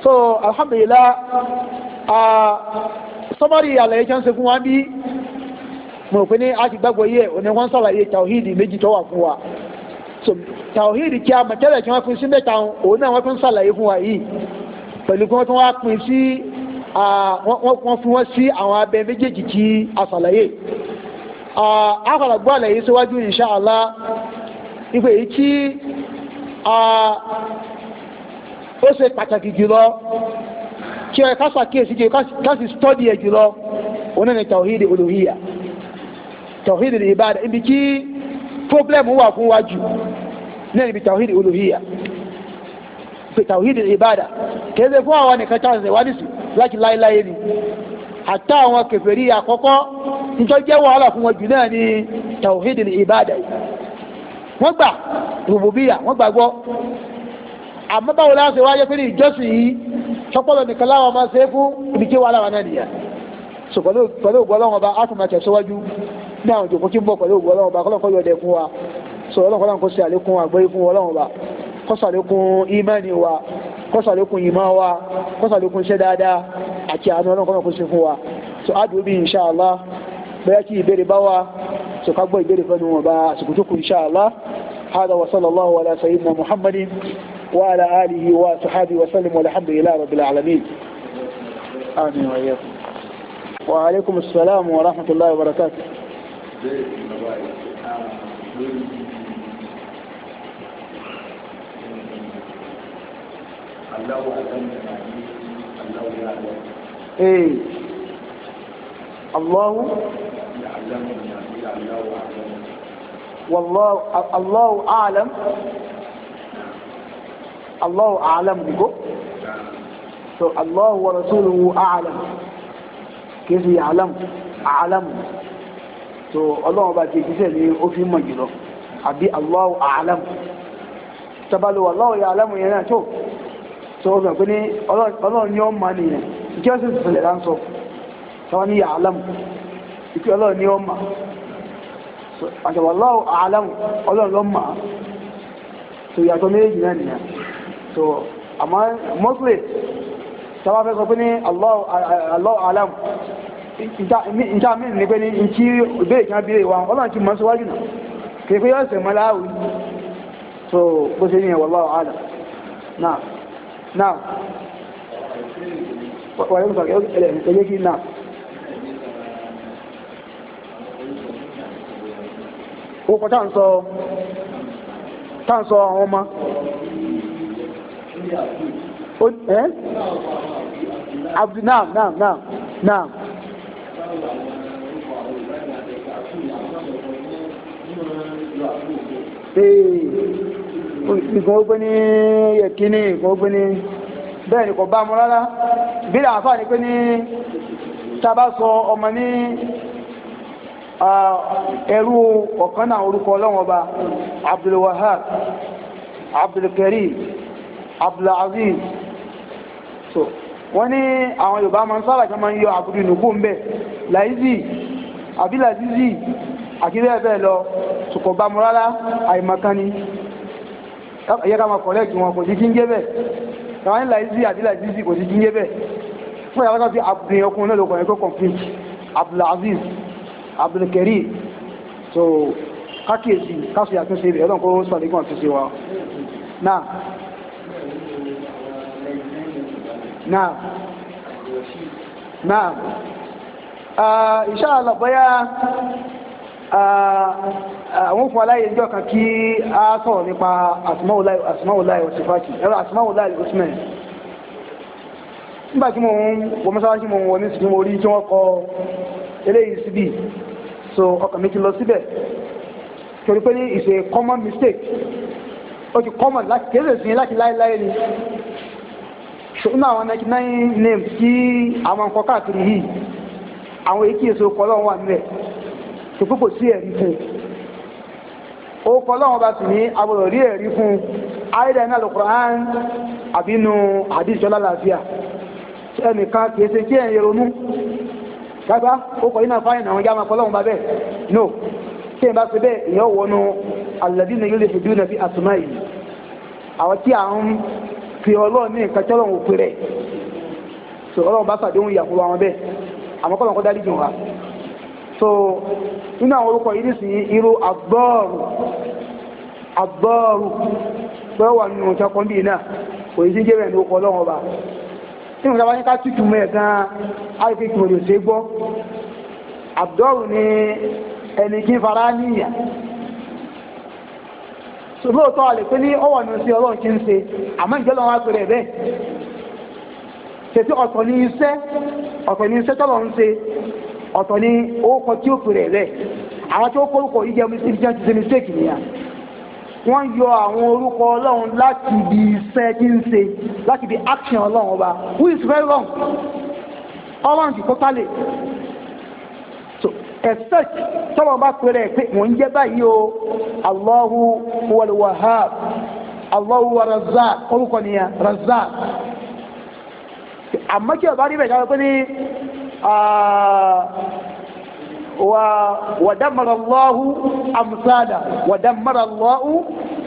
so alhamdulillah a sọmọrì àlàyé tí wọ́n ṣe fún wa bí mo pe ní a ti gbàgbọ́ yẹ òní wọ́n sàlàyé tàwíìdì méjì tó fún wa so tàwíìdì kí a mọ̀ tẹ́lẹ̀ tí wọ́n pín sí mẹ́ta òun náà wọ́n tún sàlàyé fún wa yìí pẹ̀lú kí wọ́n tún wá pín sí wọ́n fún wọn sí àwọn abẹ méjèèjì tí a sàlàyé akọ̀dà ah, gbọ́ àlàyé síwájú insha Allah ipò èyí tí ah, ó ṣe pàtàkì jùlọ kí ọ kásà kíyèsí jù kásì stọ́dì ẹ̀ jùlọ òun ni tawhid olùhíyà tawhid ìbádà ibi kí pọ́blẹ́mù wà fún wájú náà ibi tawhid olùhíyà tawhid ìbádà kẹ́sẹ̀ fún àwọn nìkan chance wá láti láéláé ni àtà àwọn kèfèrí àkọ́kọ́ níjọ́ jẹ́ wàhálà fún wọn jù náà ní tawhid al-ibada yìí wọ́n gbà rùbùbíyà wọ́n gbàgbọ́ àmọ́ báwo la ṣe wáyé pé ní ìjọsìn yìí sọpọ́lọ nìkan láwọn máa ṣe é fún ibi tí wàhálà wà náà nìyẹn so pẹ̀lú ògbọ́ ọlọ́run ọba áfùmá tẹ̀síwájú ní àwọn ìjòkó tí ń bọ̀ pẹ̀lú ògbọ́ ọlọ́run kọ́lọ́kọ́ yọ̀dẹ̀ fún wa so ọlọ́run kọ́lọ́run àlékún àgbọ́yé fún ọlọ́run ọba kọ́sàlékún ìmánì wa kọ́sàlékún ìmọ̀ wa kọ́sàlékún iṣẹ́ dáadáa àti àánú ọlọ́run kọ́mọ̀kún sí fún wa so adùn bí insha Allah bẹ́ẹ̀ kí ìbéèrè bá wa so ká gbọ́ ìbéèrè fẹ́nu wọn bá àsìkò tó kù insha Allah hada wa sallallahu ala sayyidina muhammadin wa ala alihi wa sahabi wa sallam wa alhamdulillahi rabbil alamin amin wa iyyakum wa alaykum assalam wa rahmatullahi wa barakatuh الله إيه. والله الله اعلم الله اعلم بكم الله ورسوله اعلم كيف يعلم اعلم الله أعلم كيف في مجلو ابي الله اعلم تبالو الله يعلم يعني شوف sọ ọ́ pé ní ọlọ́run ni ó ma nìyẹn ìkí ọ̀sẹ̀ ìṣẹ̀lẹ̀ là ń sọ sọ́wọ́ ní àlámù ìkí ọlọ́run ni ó ma àjọ̀wọ̀ lọ́wọ́ àlámù ọlọ́run ló ma tó yàtọ̀ méjì náà nìyẹn tó àmọ́ mọ́sílẹ̀ sọ́wọ́ fẹ́ sọ pé ní ọlọ́run àlámù ìjà mí ní pé ní ìkí ìbéèrè kan bí wa ọlọ́run ti mọ́ síwájú náà kìí pé yóò sẹ̀ mọ́ láàrú so bó ṣe ní ẹ̀wọ̀ lọ́wọ́ àlámù náà náà wà ní ìfàkẹ́ ẹlẹ́ ẹ̀yẹ́ kí náà ó kọ táǹsọ táǹsọ àwọn ọmọ ẹ́ abdu náà náà náà náà ee nǹkan ó gbé ní ẹ̀kíní nǹkan ó gbé ní bẹ́ẹ̀ ni kò bá mu rárá bí làwọn afáàní pé ní tá a bá sọ ọmọ ní ẹrú ọ̀kan náà orúkọ ọlọ́wọ́n ọba abdulwahab abdulkarim abdulaziz so wọ́n ní àwọn yorùbá máa ń sábà kan máa ń yọ àbúrò ìnùkú ń bẹ̀ láìsí àbí làzízì àti bẹ́ẹ̀ bẹ́ẹ̀ lọ sùkọ̀ bámu rárá àìmọ̀kan ni ẹ̀yẹ ká máa kọ̀lẹ́ẹ̀kì wọn kò sí kí ń gé bẹ́ẹ̀ àwọn ẹ̀ńlá ìsí àti ìlà ìsí kò sí kí ń gé bẹ́ẹ̀ fún ìyàwó kan sí abdul ọkùnrin náà ló kọ̀ọ̀yẹ́ tó complete abdulaziz abdulkareem so kákìyèsí káṣù àtúnṣe rẹ̀ ọlọ́run kó sàlékún àtúnṣe wa náà náà náà ìṣáàlà ah, bọ́yá àwọn ah, ah, fún aláyé ìjọ kan kí a sọ̀rọ̀ nípa asmaulai osifati ẹ̀rọ asmaulai osman nígbà tí mo ń wọ mọ́sálásí mo ń wọ ní tí wọ́n kọ eléyìí so ọkàn mi ti lọ síbẹ̀ torí is a common mistake ó ti common láti kéde sí láti láéláé ni ṣùgbọ́n àwọn ninety nine names tí àwọn nǹkan káàkiri yìí àwọn èyí kí èso wà ṣùgbọ́n kò sí ẹ̀rí fún un ó kọ́ lọ́wọ́ bá sì ní agbọ̀dọ̀ rí ẹ̀rí fún un ayédè ní alukur'an àbínú àdìsọ́ lálàáfíà ẹnìkan kìí ṣe kí ẹ̀ yẹ ronú gbàgbá ó kọ̀ yín náà àwọn jáma kọ́ lọ́wọ́ bá bẹ́ẹ̀ no kí ẹ̀ bá ṣe bẹ́ẹ̀ ìyẹn wọnú alladhina yulhiduna fi asma'ihi àwọn tí à ń fi ọlọ́ọ̀ ní nǹkan tí ọlọ́run ò pè rẹ̀ sọ̀rọ̀ ọlọ́run bá ṣàdéhùn ìyàfọ́ so nínú àwọn orúkọ yìí sì irú àbọ́ọ̀rù àbọ́ọ̀rù pé ó wà nínú ìtọ́kọ́ bíi náà kò ní sí jẹ́ bẹ́ẹ̀ ní orúkọ ọlọ́run ọba tí mo sábà ní ká tútù mọ́ ẹ̀ gan-an á rí pé kí mo lè ṣe gbọ́ àbọ́ọ̀rù ni ẹni kí n fara níyà lóòótọ́ àlè pé ní ọwọ́ ní sí ọlọ́run kí ń ṣe àmọ́ ìjọ lọ́wọ́ àpẹẹrẹ bẹ́ẹ̀ tètè ọ̀tọ̀ ní iṣẹ́ ọ̀tọ̀ ní iṣẹ́ tọ́lọ̀ ń ṣe ọ̀tọ̀ ni orúkọ tí ó pèrè rẹ̀ àwọn tí ó kórúkọ yìí jẹ́ mistake jẹ́ ti mistake nìyẹn wọ́n yọ àwọn orúkọ ọlọ́run láti ibi iṣẹ́ tí ń ṣe láti ibi action ọlọ́run ọba who is very wrong ọlọ́run ti kópa So, except tọ́wọ́ bá pèrè pé mò ń jẹ́ báyìí o Allahu wal wahhab Allahu wa razzaq orúkọ nìyẹn razzaq àmọ́ kí ọba rí bẹ̀ dára pé ní. ودمر الله أمثالا ودمر الله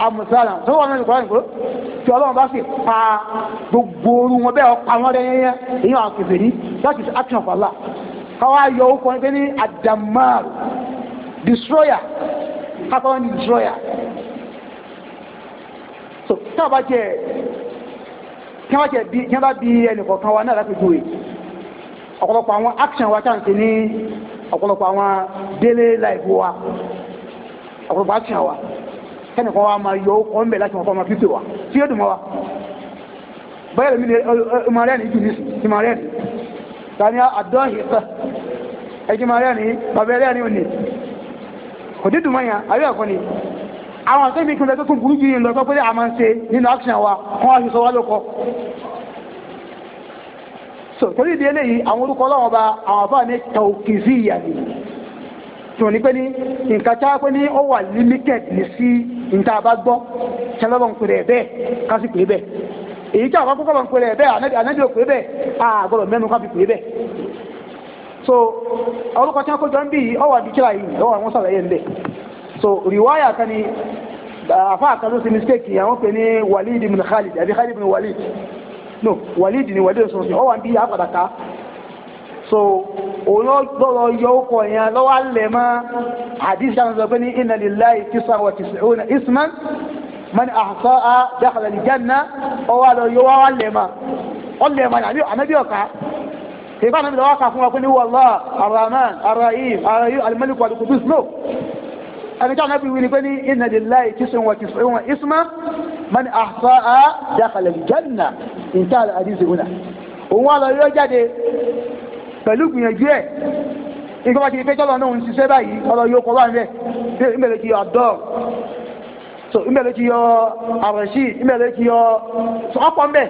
أمثالا سوى wọn ní ìkọ́lá ìkọ́lá tí ọlọ́run bá sì pa gbogbo ooru wọn bẹ́ẹ̀ pa wọn rẹ̀ yẹn èyí wọn kò fèrè that is action of Allah káwá yọ ó kọ́ ní adamar destroyer káwá ní destroyer so tí wọn bá tiẹ̀ tí wọn bá tiẹ̀ bí ẹnì kọ̀ọ̀kan wa náà láti ju ọ̀pọ̀lọpọ̀ àwọn action wa tá à ń ṣe ní ọ̀pọ̀lọpọ̀ àwọn daily life wa ọ̀pọ̀lọpọ̀ action wa kẹ́nìkan wa máa yọ ọkọ̀ ńbẹ̀ láti ọkọ̀ ọmọ fífi wa tí yóò dùn mọ́ wa báyọ̀ mi ni ọmọ rẹ̀ ní jù ní ìmọ̀ rẹ̀ ní tani àdán ìta ẹjìmọ̀ rẹ̀ ní bàbá rẹ̀ ní òní kò dídùn mọ́ yẹn ayé ẹ̀kọ́ ni àwọn àti ìmìkìlẹ̀ tó tún burú jù yìí lọ sọ pé àmà ń ṣe nínú action wa so torí ìdí eléyìí àwọn orúkọ ọlọ́run ọba àwọn àbá ní tàùkìzí ìyàní tí wọ́n ní pé ní nǹkan tá a pé ní ó wà limited ní sí nǹkan àbá gbọ́ tí wọ́n bá ń pèrè bẹ́ẹ̀ ká sì bẹ́ẹ̀ èyí tí àwọn akókò bá ń pèrè bẹ́ẹ̀ ànábì ò pè bẹ́ẹ̀ àgọ́dọ̀ mẹ́nu ká fi bẹ́ẹ̀ so orúkọ tí wọ́n kójọ ń bì yìí ó wà ní kíra yìí ó sàlàyé ń so rìwáyà kan ni àfa àkàlù sí mistake àwọn pè ní Walid ibn Khalid àbí Khalid ibn Walid no walid ni walid sọ̀rọ̀ sí ọwọ́ àbí àpàdà so òun náà gbọ́dọ̀ yọ ọkọ̀ yẹn lọ́wọ́ alẹ́ mọ́ hadith kan sọ pé ní inna lillahi tisa wa tis'una isman man ahsa'a dakhala aljanna ọwọ́ àlọ́ yọ wá alẹ́ mọ́ ọlẹ́ mọ́ àbí ànábì ọ̀ka kìí bá ànábì lọ́wọ́ ká fún wa pé ní wàllá arahman arahim arahim alimẹ́lẹ́kọ̀ alukudus no ẹni tí ànábì wí ni pé ní inna lillahi tisa wa tis'una isman man ahsa'a dakhala al-janna intaha al-hadith huna òun wà lọ yọ jáde pẹ̀lú gbìyànjú ẹ̀ nǹkan bá ti pé tọ́lọ̀ náà ń ṣiṣẹ́ báyìí ọ̀rọ̀ yóò kọ́ bá ń bẹ̀ ìmẹ̀lẹ̀ ti yọ àdọ́ọ̀ so ìmẹ̀lẹ̀ ti yọ àrẹ̀ṣì ìmẹ̀lẹ̀ ti yọ ọ̀pọ̀ ń bẹ̀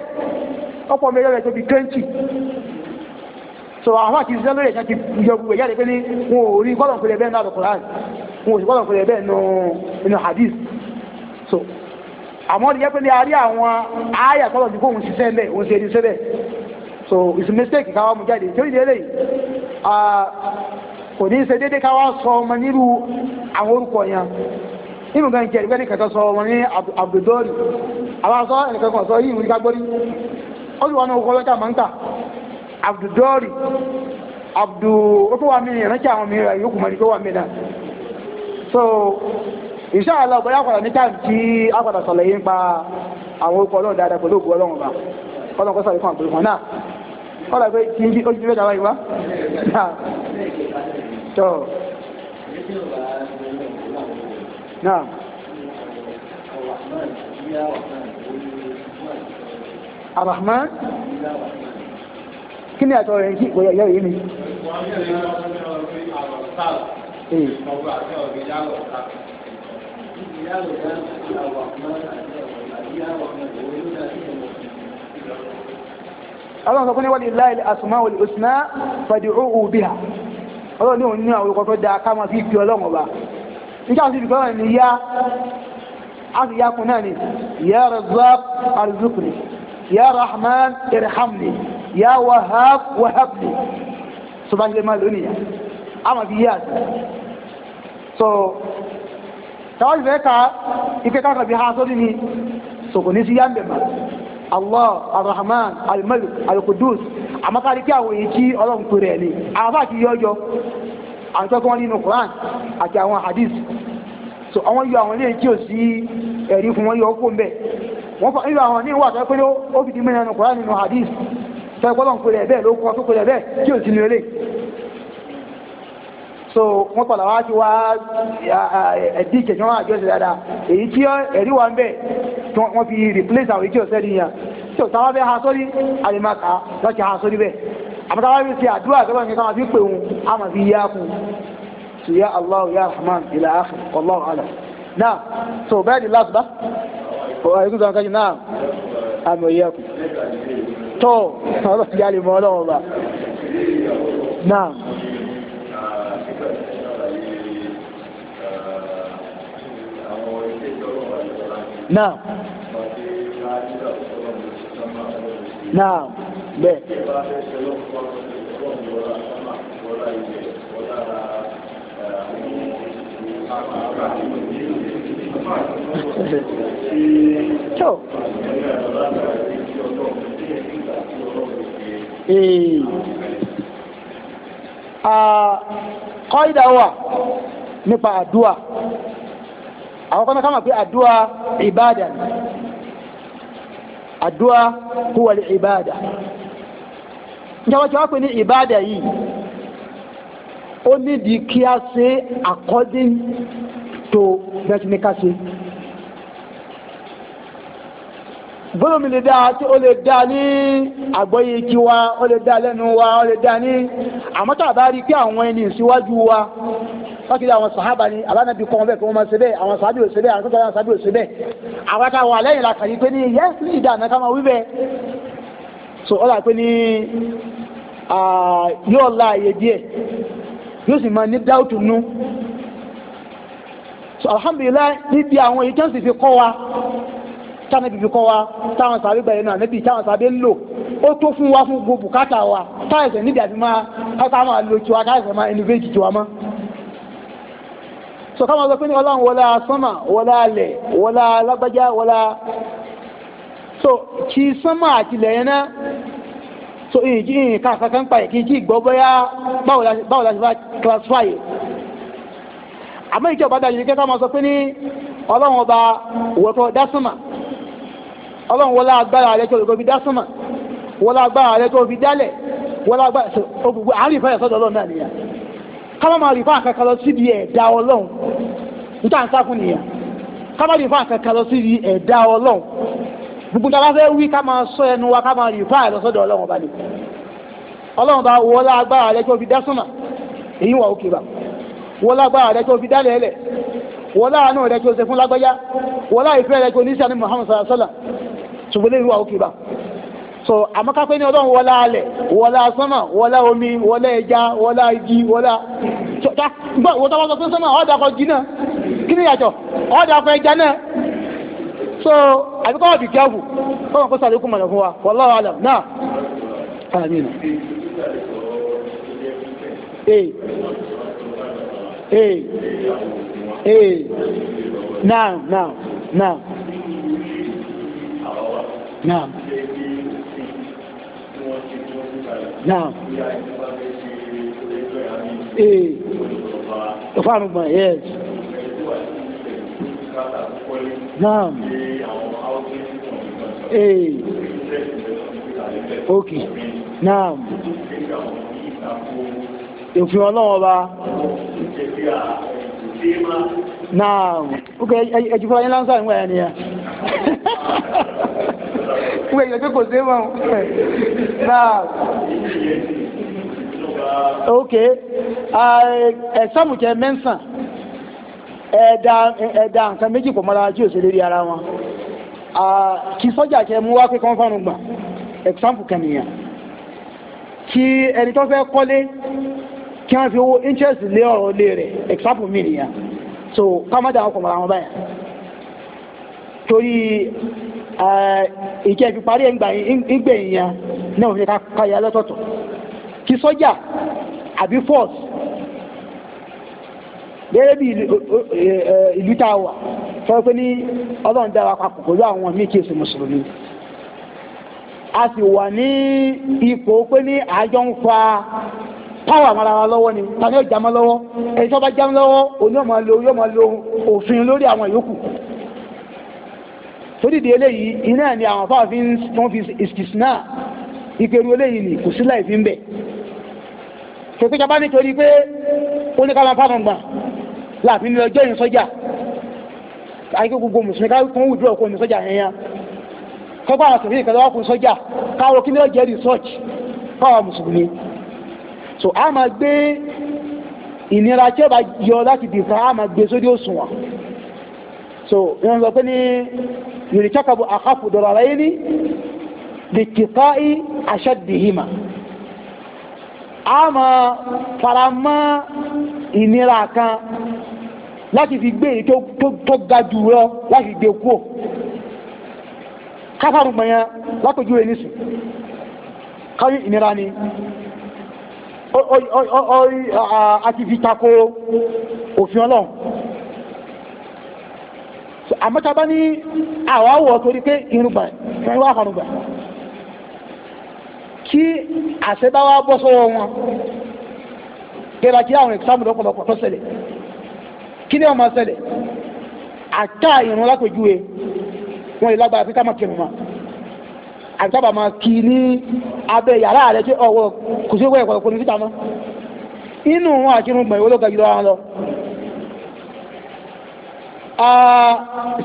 ọ̀pọ̀ ń bẹ̀ yọ̀rẹ̀ tó fi twenty so àwọn àti ìṣiṣẹ́ lórí ẹ̀ṣẹ́ ti yọ gbogbo ìyá rẹ̀ pé ní wọn ò rí bọ́lọ̀ pẹ̀lẹ̀ bẹ́ẹ̀ náà lọ́kùnrin wọn ò sì bọ́lọ̀ pẹ̀lẹ̀ bẹ́ẹ̀ nù hadith so àmọ́ ìyẹ́ pé ní a rí àwọn ààyè àtọ́lọ̀ ṣiṣẹ́ òun ṣe so it's a mistake káwá mú jáde tó ìdílé yìí kò ní ṣe déédéé káwá sọ ọmọ nílùú àwọn orúkọ yẹn nínú gan jẹ́ ìgbẹ́ nìkan sọ ọmọ ní àwọn ẹnìkan kan sọ yìí ìwúrí kágbórí ó sì wà ní orúkọ lọ́jà máa ń Abdul ó tó wà mí ìrántí àwọn yókù inshallah bóyá padà ní táìmù tí a padà sọ̀lẹ̀ yín pa àwọn orúkọ ọlọ́run dáadáa pẹ̀lú ògùn ọlọ́run ọba ọlọ́run kọ́ sàlékún àgbèrè kan náà kọ́lá pé kí n bí ó ti fẹ́ dáwà ìwá tó náà. Arahman kí ni àtọ̀ rẹ̀ ń kí ìgbòyà yẹ́ yìí ni. Wọ́n yẹ́ ní ọdún ọdún àwọn ọ̀sán. Ọgbà àti ọ̀gbìn yálọ̀ ọ̀sán ọlọ́run sọ fún níwọ̀n ilá ilẹ̀ asùnmáwò ìsúná fàdíhù òbíà ọlọ́run ní òun ní àwọn olùkọ́ tó dáa ká máa fi fi ọlọ́run ọba nígbà tó ti fi ọlọ́run ní yá a sì yá kun náà ni yá razak arzukni yá rahman irhamni yá wahab wahabni sọ bá ṣe máa lónìí a máa fi yá so tàwọn ìfẹ́ ka ìfẹ́ bí ha sórí ni sòkò ní sí yá ń al allah al almalik alkudus àmọ́kárí kí àwọn èyí tí ọlọ́run ni àwọn bá kì í yọjọ àwọn tó kọ́ nínú quran àti àwọn hadith so wọ́n àwọn ní ìwà hadith tó ló kọ́ tó so wọ́n padà wá sí wá ẹ̀dí ìkẹ̀kẹ́ wọn àjọṣe dáadáa èyí tí ẹ̀rí wa ń bẹ̀ tí wọ́n fi replace àwọn èyí tí ò sẹ́ni yàn tí ò sáwá bẹ́ ha sórí àlèmàkà lọ́kì ha sórí bẹ́ẹ̀ àmọ́ táwa fi ṣe àdúrà sọ́kọ̀ nǹkan máa fi pè a máa fi yá kun so ya Allah ya Rahman ila akhir Allah alam náà so bẹ́ẹ̀ ni last bá ọ̀rẹ́kùn sọ̀rọ̀ kan jù náà àmì òye ẹ̀kùn tó ọlọ́ọ̀dì alẹ́ mọ́ ọlọ́wọ́ bá náà. náà náà bẹ́ẹ̀. tó. Ah, kọ́ ìdáwà nípa àdúrà àwọn kan kama pé àdúrà ìbáàdà ni àdúrà huwa li ìbáàdà ìjọba tí wọ́n pè ní ìbáàdà yìí ó nídìí kí a ṣe according to bẹ́ẹ̀ tí gbólómi lè dáa tí ó lè dáa ní àgbọ́yé kí wa ó lè dáa lẹ́nu wa ó lè dáa ní àmọ́ tá a bá rí i pé àwọn ẹni ìsíwájú wa fákìlì àwọn sàhábà ni alánàbí kọ́ bẹ́ẹ̀ kí wọ́n máa ṣe bẹ́ẹ̀ àwọn sàhábì ò ṣe bẹ́ẹ̀ àwọn sàhábì ò ṣe bẹ́ẹ̀ àwọn àtàwọn àlẹ́yìn la kàyí pé ní yẹ́sì ìdáná ká máa wí bẹ́ẹ̀ so ọ̀là pé ní yóò la àyè díẹ̀ yóò sì máa ní dáùtù nú so alhamdulilayi níbi àwọn èyí tó ń sì fi kọ́ wa táwọn ibi fi kọ́ wa táwọn sàbí gbẹ̀yẹ̀ náà níbi táwọn sàbí lò ó tó fún wa fún gbogbo bùkátà wa táwọn ẹ̀sẹ̀ níbi àti máa káwọn máa lo tiwa káwọn ẹ̀sẹ̀ máa innovate tiwa mọ́. sọ káwọn sọ pé ní ọlọ́run wọlé sánmà wọlé alẹ̀ wọlé alágbájá wọlé so kì í sánmà àtìlẹ̀ yẹn náà so ìjì nǹkan kankan pa kì í kì í gbọ́ bóyá báwo la ṣe bá classify àmọ́ ìjọba dájú ní kẹ́kọ̀ọ́ máa sọ pé ní ọlọ́run ọba wọ́tọ̀ dásánmà ọlọ́run wọla agbára rẹ tó fi dá sánmà wọlé agbára rẹ tó fi dálẹ̀ wọlé agbára ògùgbò àárín ìfẹ́ ìsọdọ̀ ọlọ́run náà nìyà káwọn máa rí fáà kankan lọ síbi ẹ̀dá ọlọ́run níta ń sá fún nìyà káwọn rí fáà lọ ẹ̀dá ọlọ́run gbogbo tí a bá fẹ́ wí ká máa sọ ẹnu wa ká máa rí ọlọ́run ọba ọlọ́run bá agbára rẹ tó fi dá èyí wà òkè bá agbára rẹ tó fi dálẹ̀ ẹlẹ̀ àánú rẹ tó ṣe fún ìfẹ́ rẹ tó ní ṣùgbọ́n lè wà òkè bá so àmọ́ ká pé ní ọlọ́run wọlá alẹ̀ wọlá sánmà wọlá omi wọlá ẹja wọlá igi wọlá tọ́ta gbọ́ wọ́n tọ́wọ́ sọ pé sánmà ọ̀dà kan jí náà kí ni yàtọ̀ ọ̀dà kan ẹja náà so àbíkọ́ ọ̀bì kẹ́fù kọ́mọ̀ kó sàlékún mọ̀nà fún wa wallahu alam náà ee ee ee Naa naa naa. Náà. Náà. Ee. Ọ̀fà àrùngbọ̀n, yes. Náà. Ee. Eh. Ok. Náà. Òfin ọlọ́wọ́ bá. Náà. Ok, ẹjú fún ayé láńsá ìwọ̀n ẹ̀ ni ẹ. wọ́n èèyàn tó kò sí mọ́ náà ok ẹ̀sọ́mù jẹ́ mẹ́sàn ẹ̀dà nǹkan méjì pọ̀ mọ́ra tí ò sí lérí ara wọn ah, kí sọ́jà jẹ́ mú wá pé kán fọ́nù gbà example kẹ́nìyàn kí ẹni tó fẹ́ kọ́lé kí wọ́n fi owó interest lé ọ̀rọ̀ lé rẹ̀ example mi nìyàn so ká má dà ọkọ̀ mọ́ra wọn báyìí torí Eh, ìjẹ́ ìfi parí ẹ̀ngbà na yẹn náà òfin káyà lọ́tọ̀ọ̀tọ̀ kí sọ́jà àbí force gẹ́gẹ́ bí ìlú e, e, tá a wà sọ pé ní ọlọ́run dára papọ̀ pẹ̀lú àwọn míì kí mùsùlùmí a sì wà ní ipò pé ní àjọ ń fa táwọn lọ́wọ́ ni tani ó jámọ́ lọ́wọ́ ẹni tó bá jámọ́ lọ́wọ́ òní ọmọ lo lórí àwọn torí di eléyìí iná ni àwọn afáà fi ń tán fi ìsìsìnà ìpèrú eléyìí ni kò sí láì fi ń bẹ̀. tòpíjà bá nítorí pé ó ní káwọn fáwọn gbà láàfin ní ọjọ́ yìí sọ́jà àyíké gbogbo mùsùlùmí káwọn kan wùdú ọkọ ní sọ́jà yẹn yá kọ́kọ́ àwọn sọ̀rọ̀ ìkàdá wà kún sọ́jà káwọn kí ni ọjọ́ research fáwọn mùsùlùmí. so a máa gbé ìnira tí ó bá yọ láti dìfà a máa gbé sórí òṣùwọ̀n so ìwọ̀n sọ pé ní yurtakabu akhafu dararaini liqita'i ashaddihima a máa faramọ́ ìnira kan láti fi gbé èyí tó ga jù lọ láti gbé kúò káfàrù mọ̀ yẹn látòjú rẹ̀ nísìn kárí ìnira ni àti fi tako òfin ọlọ́run àmọ́taba ní àwa wọ̀ torí pé irúgbà irúgbà àkànúgbà kí àṣẹbáwá bọ́ sọ́wọ́ wọn gẹ́gẹ́ kí àwọn ìsáàmù lọ́pọ̀lọpọ̀ tó ṣẹlẹ̀ kí ni ọmọ ṣẹlẹ̀ àká ìrún lápèjúwe wọn ìlágbára pé ká máa kírun máa àgbàbà máa kí ní abẹ́ yàrá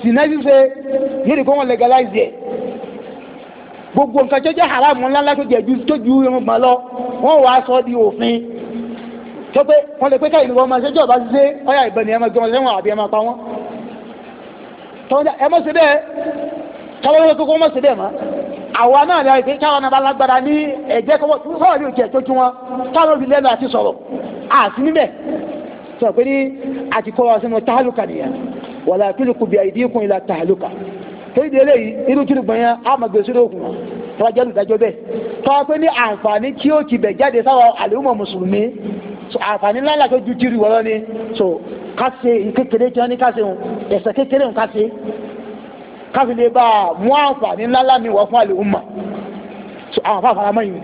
sinna ṣíṣe yẹ́nì kó wọ́n legalize yẹ gbogbo nǹkan tó jẹ́ haram ńláńlá tó jẹ́ ju tó ju irun gbọ̀n lọ wọ́n wàá sọ di òfin tó pé wọ́n lè pé káyìí ni wọ́n máa ṣe jọba ṣe ọ̀yà ìbẹ̀ni ẹ̀ máa gbé wọn lẹ́wọ̀n àbí ẹ̀ máa pa wọ́n tọ́jà ẹ mọ̀ sí bẹ́ẹ̀ tọ́wọ́ lọ́wọ́ kókó mọ̀ sí bẹ́ẹ̀ mọ́ àwa náà ni àìsí káwọn náà bá lágbára ní ẹ̀jẹ̀ kọ́wọ́ sọ́wọ́ ní òkè tó tún wọn táwọn òbí lẹ́nu àti sọ̀rọ̀ àti níbẹ̀ sọ pé ní àti kọ́ wa sínú táálùkà nìyẹn Wala wàlá tuliku bi aidikum ila tahluka torí de eléyìí irú tuligbọ̀n yẹn á máa gbèsè lókun tọ́jà olùdájọ́ bẹ́ẹ̀ tọ́wọ́ pé ní àǹfààní tí ó ti bẹ̀ jáde sáwọn àlùmọ̀ mùsùlùmí so àǹfààní ńláńlá tó ju tìrì ni so kásẹ̀ kékeré tí wọ́n ní kásẹ̀ òun ẹ̀sẹ̀ kékeré òun kásẹ̀ káfíń lè bá a mi wọ̀ fún àlùmọ̀ so àwọn afáfà ara mọ́yìn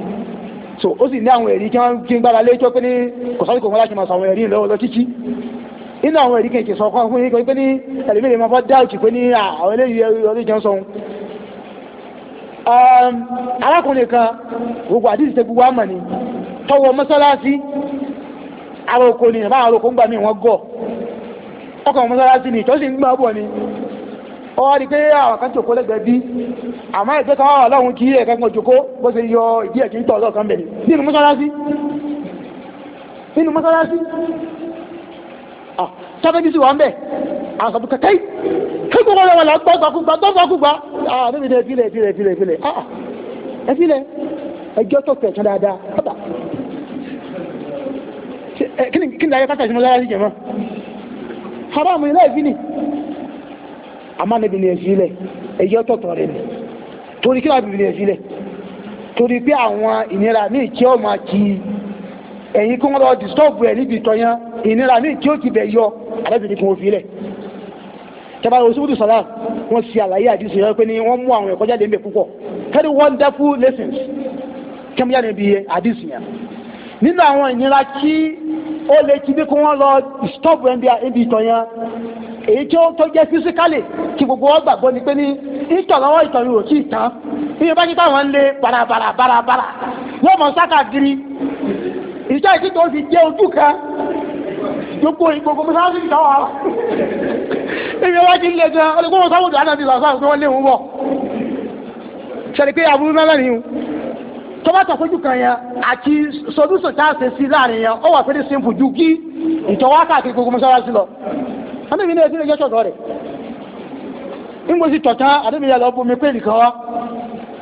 so ó sì ní àwọn ẹ̀rí kí wọ́n gbára lé tó pé ní kòsánìkò wọn láti máa sọ àwọn ẹ̀rí lọ́wọ́ lọ nínú àwọn ẹ̀rí kẹ̀kẹ́ sọ fún yín pé ní ẹ̀lẹ́mìlẹ́ máa fọ́ dáùtì pé ní àwọn eléyìí ọdún jẹun sọ̀hún. arákùnrin kan gbogbo àdìsí ṣe gbogbo àmọ̀ ni tọwọ́ mọ́sálásí aróko ni àbá aróko ń gbà mí wọ́n gọ̀ ọkọ̀ mọ́sálásí ni ìtọ́sí ń gbà bọ̀ ni ó rí pé àwọn kan jòkó lẹ́gbẹ̀ẹ́ bí àmọ́ ìgbé kan wà lọ́hun kí ẹ̀kẹ́ kan jòkó bó ṣe yọ ìdí ẹ̀kí ń tọ̀ lọ́ọ̀kan bẹ̀rẹ̀ nínú mọ́sálásí nínú mọ́sálásí sábẹ́bí ah, sì wà ń bẹ̀ àwọn sọ̀tún kẹ́kẹ́ kí gbogbo rẹ̀ wà lá gbọ́gbàkúgbà gbọ́gbàkúgbà àbẹ̀bí ah, ni ẹ̀fílẹ̀ ẹ̀fílẹ̀ ẹ̀fílẹ̀ ẹ̀fílẹ̀ ah, ẹ̀fílẹ̀ ẹjọ́ tó tẹ̀ tán dáadáa ọ̀bà kí ni ayé kátà ìsinmi lára sí haramu ilé ẹ̀fí ni àmọ́ níbi ni ẹ̀fílẹ̀ ẹjọ́ tó tọ̀ rẹ̀ ni torí kí ni àbẹ̀bí ni ẹ̀fílẹ̀ torí pé àwọn ìnira ní ìkí ọmọ kìí ẹ̀yin kí wọ́n lọ disturb ẹ̀ níbi ìtọ́yán ìnira míì tí ó ti bẹ̀ yọ alábìnrin kí wọ́n fi lẹ̀ tẹ́bà òṣùwùdù sọ̀lá wọ́n ṣe àlàyé àdìsí yọ pé ní wọ́n mú àwọn ẹ̀kọ́ jáde ń bẹ̀ púpọ̀ very wonderful lessons kẹ́mi jáde bí àdìsí yẹn nínú àwọn ìnira tí ó lè ti bí kí wọ́n lọ disturb ẹ̀ níbi ìtọ́yán èyí tí ó tó jẹ́ physically kí gbogbo wọn gbàgbọ́ ni pé ní ìtọ̀lọ́wọ́ ìtọ̀lù ò tí ì tán bí wọ́n bá ní káwọn ń lé barabara barabara yóò mọ̀ sákàgiri ìjọ ìtí tó fi jẹ́ ojú kan gbogbo ìgbogbo mọ́sáàsì ìdáwà wa ibi wá kí n lè jẹun ọdún gbogbo sáwọ́dù anábì làṣà tó wọ́n lé wọn wọ̀ ṣẹlẹ̀ pé aburú náà lẹ́nu tó bá tọ̀ fojú kan yẹn àti solution tá a ṣe sí láàrin yẹn ó wà pé ní simple ju kí ìtọ́wá káàkiri gbogbo mọ́sáàsì lọ anábì náà ti lè jẹ́ ṣọ̀dọ̀ rẹ̀ nígbà tí tọ̀tà anábì yẹn lọ bomi pé nìkan wa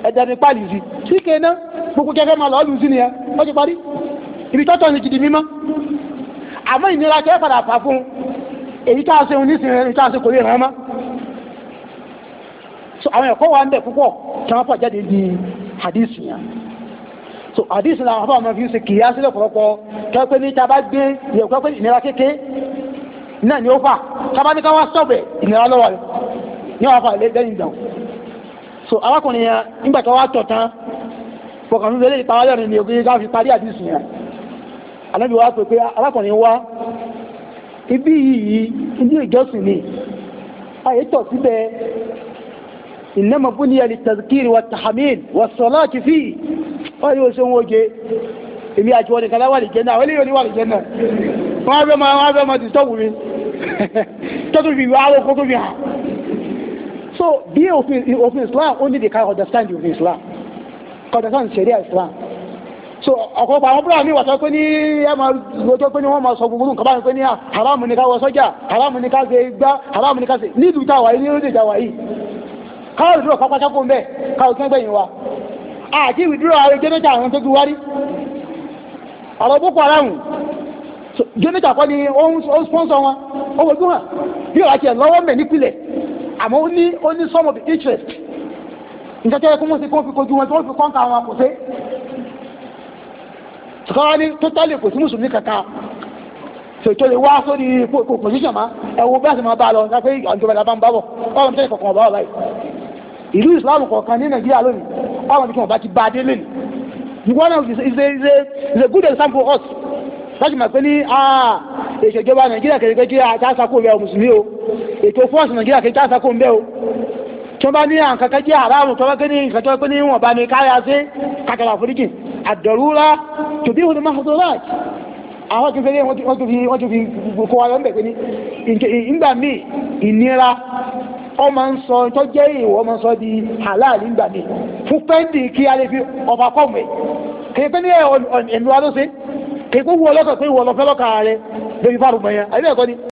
ẹ̀dẹ̀ ní pàlì sí sí kéèná gbogbo kẹ́kẹ́ máa lọ́ọ́ lù sí nìyẹn ó ti parí ibi tọ́tọ̀ ni ti di mímọ́ àmọ́ ìnira kẹ́ padà fà fún èyí tá a ṣe onísìn rẹ̀ èyí tá a ṣe kò lè ràn án mọ́ so àwọn ẹ̀kọ́ wa ń bẹ̀ púpọ̀ tí wọ́n pọ̀ jáde di hadith yẹn so hadith làwọn afọ àwọn fi ń ṣe kìyà sílẹ̀ pọ̀lọpọ̀ kẹ́ pé ní ta bá gbé yẹ̀kọ́ pé ìnira kéke náà ni ó fà tábà ní ká wá sọ̀bẹ̀ ìnira lọ́wọ́ rẹ̀ ní àwọn afọ àlẹ́ lẹ́yìn ìgbà so arákùnrin yẹn nígbà tó wá tọ̀ tán fọkàn fún mi lè parí ọ̀rìn ni ògbé ká fi parí hadith yẹn anábì wa pè pé arákùnrin wa ibi yìí ilé ìjọsìn ni àyè tọ̀ síbẹ̀ ìnáma bóni yà lè tazkiri wa tahamil wa sọlá kìfì wọ́n yóò ṣe wọ́n oge èmi àti wọn nìkan láwà lè jẹ náà wọ́n léyìn oníwà lè jẹ náà wọ́n á fẹ́ máa wọ́n á fẹ́ máa ti sọ́wù mi tọ́tù fi wá kó tó fi hàn. so bí òfin òfin Islam ó ní the kind understand òfin Islam understand sharia Islam so ọ̀pọ̀lọpọ̀ àwọn búrọ̀ mi wà sọ pé ní ẹmọ lójó pé ní wọ́n máa sọ gbogbo nǹkan báyìí pé ní haramu ní ká wọ sọ́jà haramu ní ká ṣe gbá haramu ní ká ṣe nílùú tá wà yìí ní orílẹ̀ èdè wà yìí káwọn ìdúró pápá sákò ń bẹ̀ káwọn kí wọ́n gbẹ̀yìn wa àti ìdúró àwọn jẹ́nẹ́tà àwọn tó gbé wárí ọ̀rọ̀ boko haram jẹ́nẹ́tà kọ́ ni ó ń sponsor wọn ó wojú hàn bí ọ̀rọ̀ àti ẹ̀ lọ́wọ́ mẹ́ nípìnlẹ̀ àmọ́ ó ní ó ní some of the interest ìjọ́jọ́ ẹkún mọ́ sí kó fi kojú wọn tí wọ́n fi kọ́ńkà wọn kò sí tọ́kọ́ ní kò sí mùsùlùmí kankan tòtò lè wá sórí pòsíṣàn má ẹ̀wọ̀n bí a sì máa bá a lọ lápẹ́ ìjọba ìlà bá ń bọ̀ báwọn tẹ́lẹ̀ kọ̀ọ̀kan bá wà báyìí ìlú ìsìláàmù kọ̀ọ̀kan ní nàìjíríà lónìí báwọn tí wọ́n ti bá a dé lónìí ìwọ náà is a is good example for us láti mọ̀ pé ní ah, ìṣèjọba nàìjíríà kẹ̀kẹ́ kí a ṣàkóso mùsùlùmí o ètò fọ́ọ̀sì nàìjíríà kẹ̀kẹ́ tí wọ́n bá ní àwọn kankan jẹ́ àràmù tó bá gbé ní nǹkan tó gbé ní wọn bá ní káyà sí kàkàrà àforíjì àdọ̀rúra tòbí wọn máa tó láì àwọn kìí fẹ́lẹ́ wọ́n tó fi wọ́n tó fi kó wa lọ́nbẹ̀ pé ní ìgbà míì ìnira ọmọ ń sọ tó jẹ́ ìwọ ọmọ ń sọ di halal ìgbà míì fún pẹ́ndì kí a lè fi ọba kọ́mù ẹ̀ kìí pé ní ẹ̀lú wa ló kìí pé wọ́n lọ́kàn pé ìwọ lọ́fẹ́ lọ́kàn rẹ̀ lórí fárùmọ̀ yẹn àbí ẹ̀kọ́ ni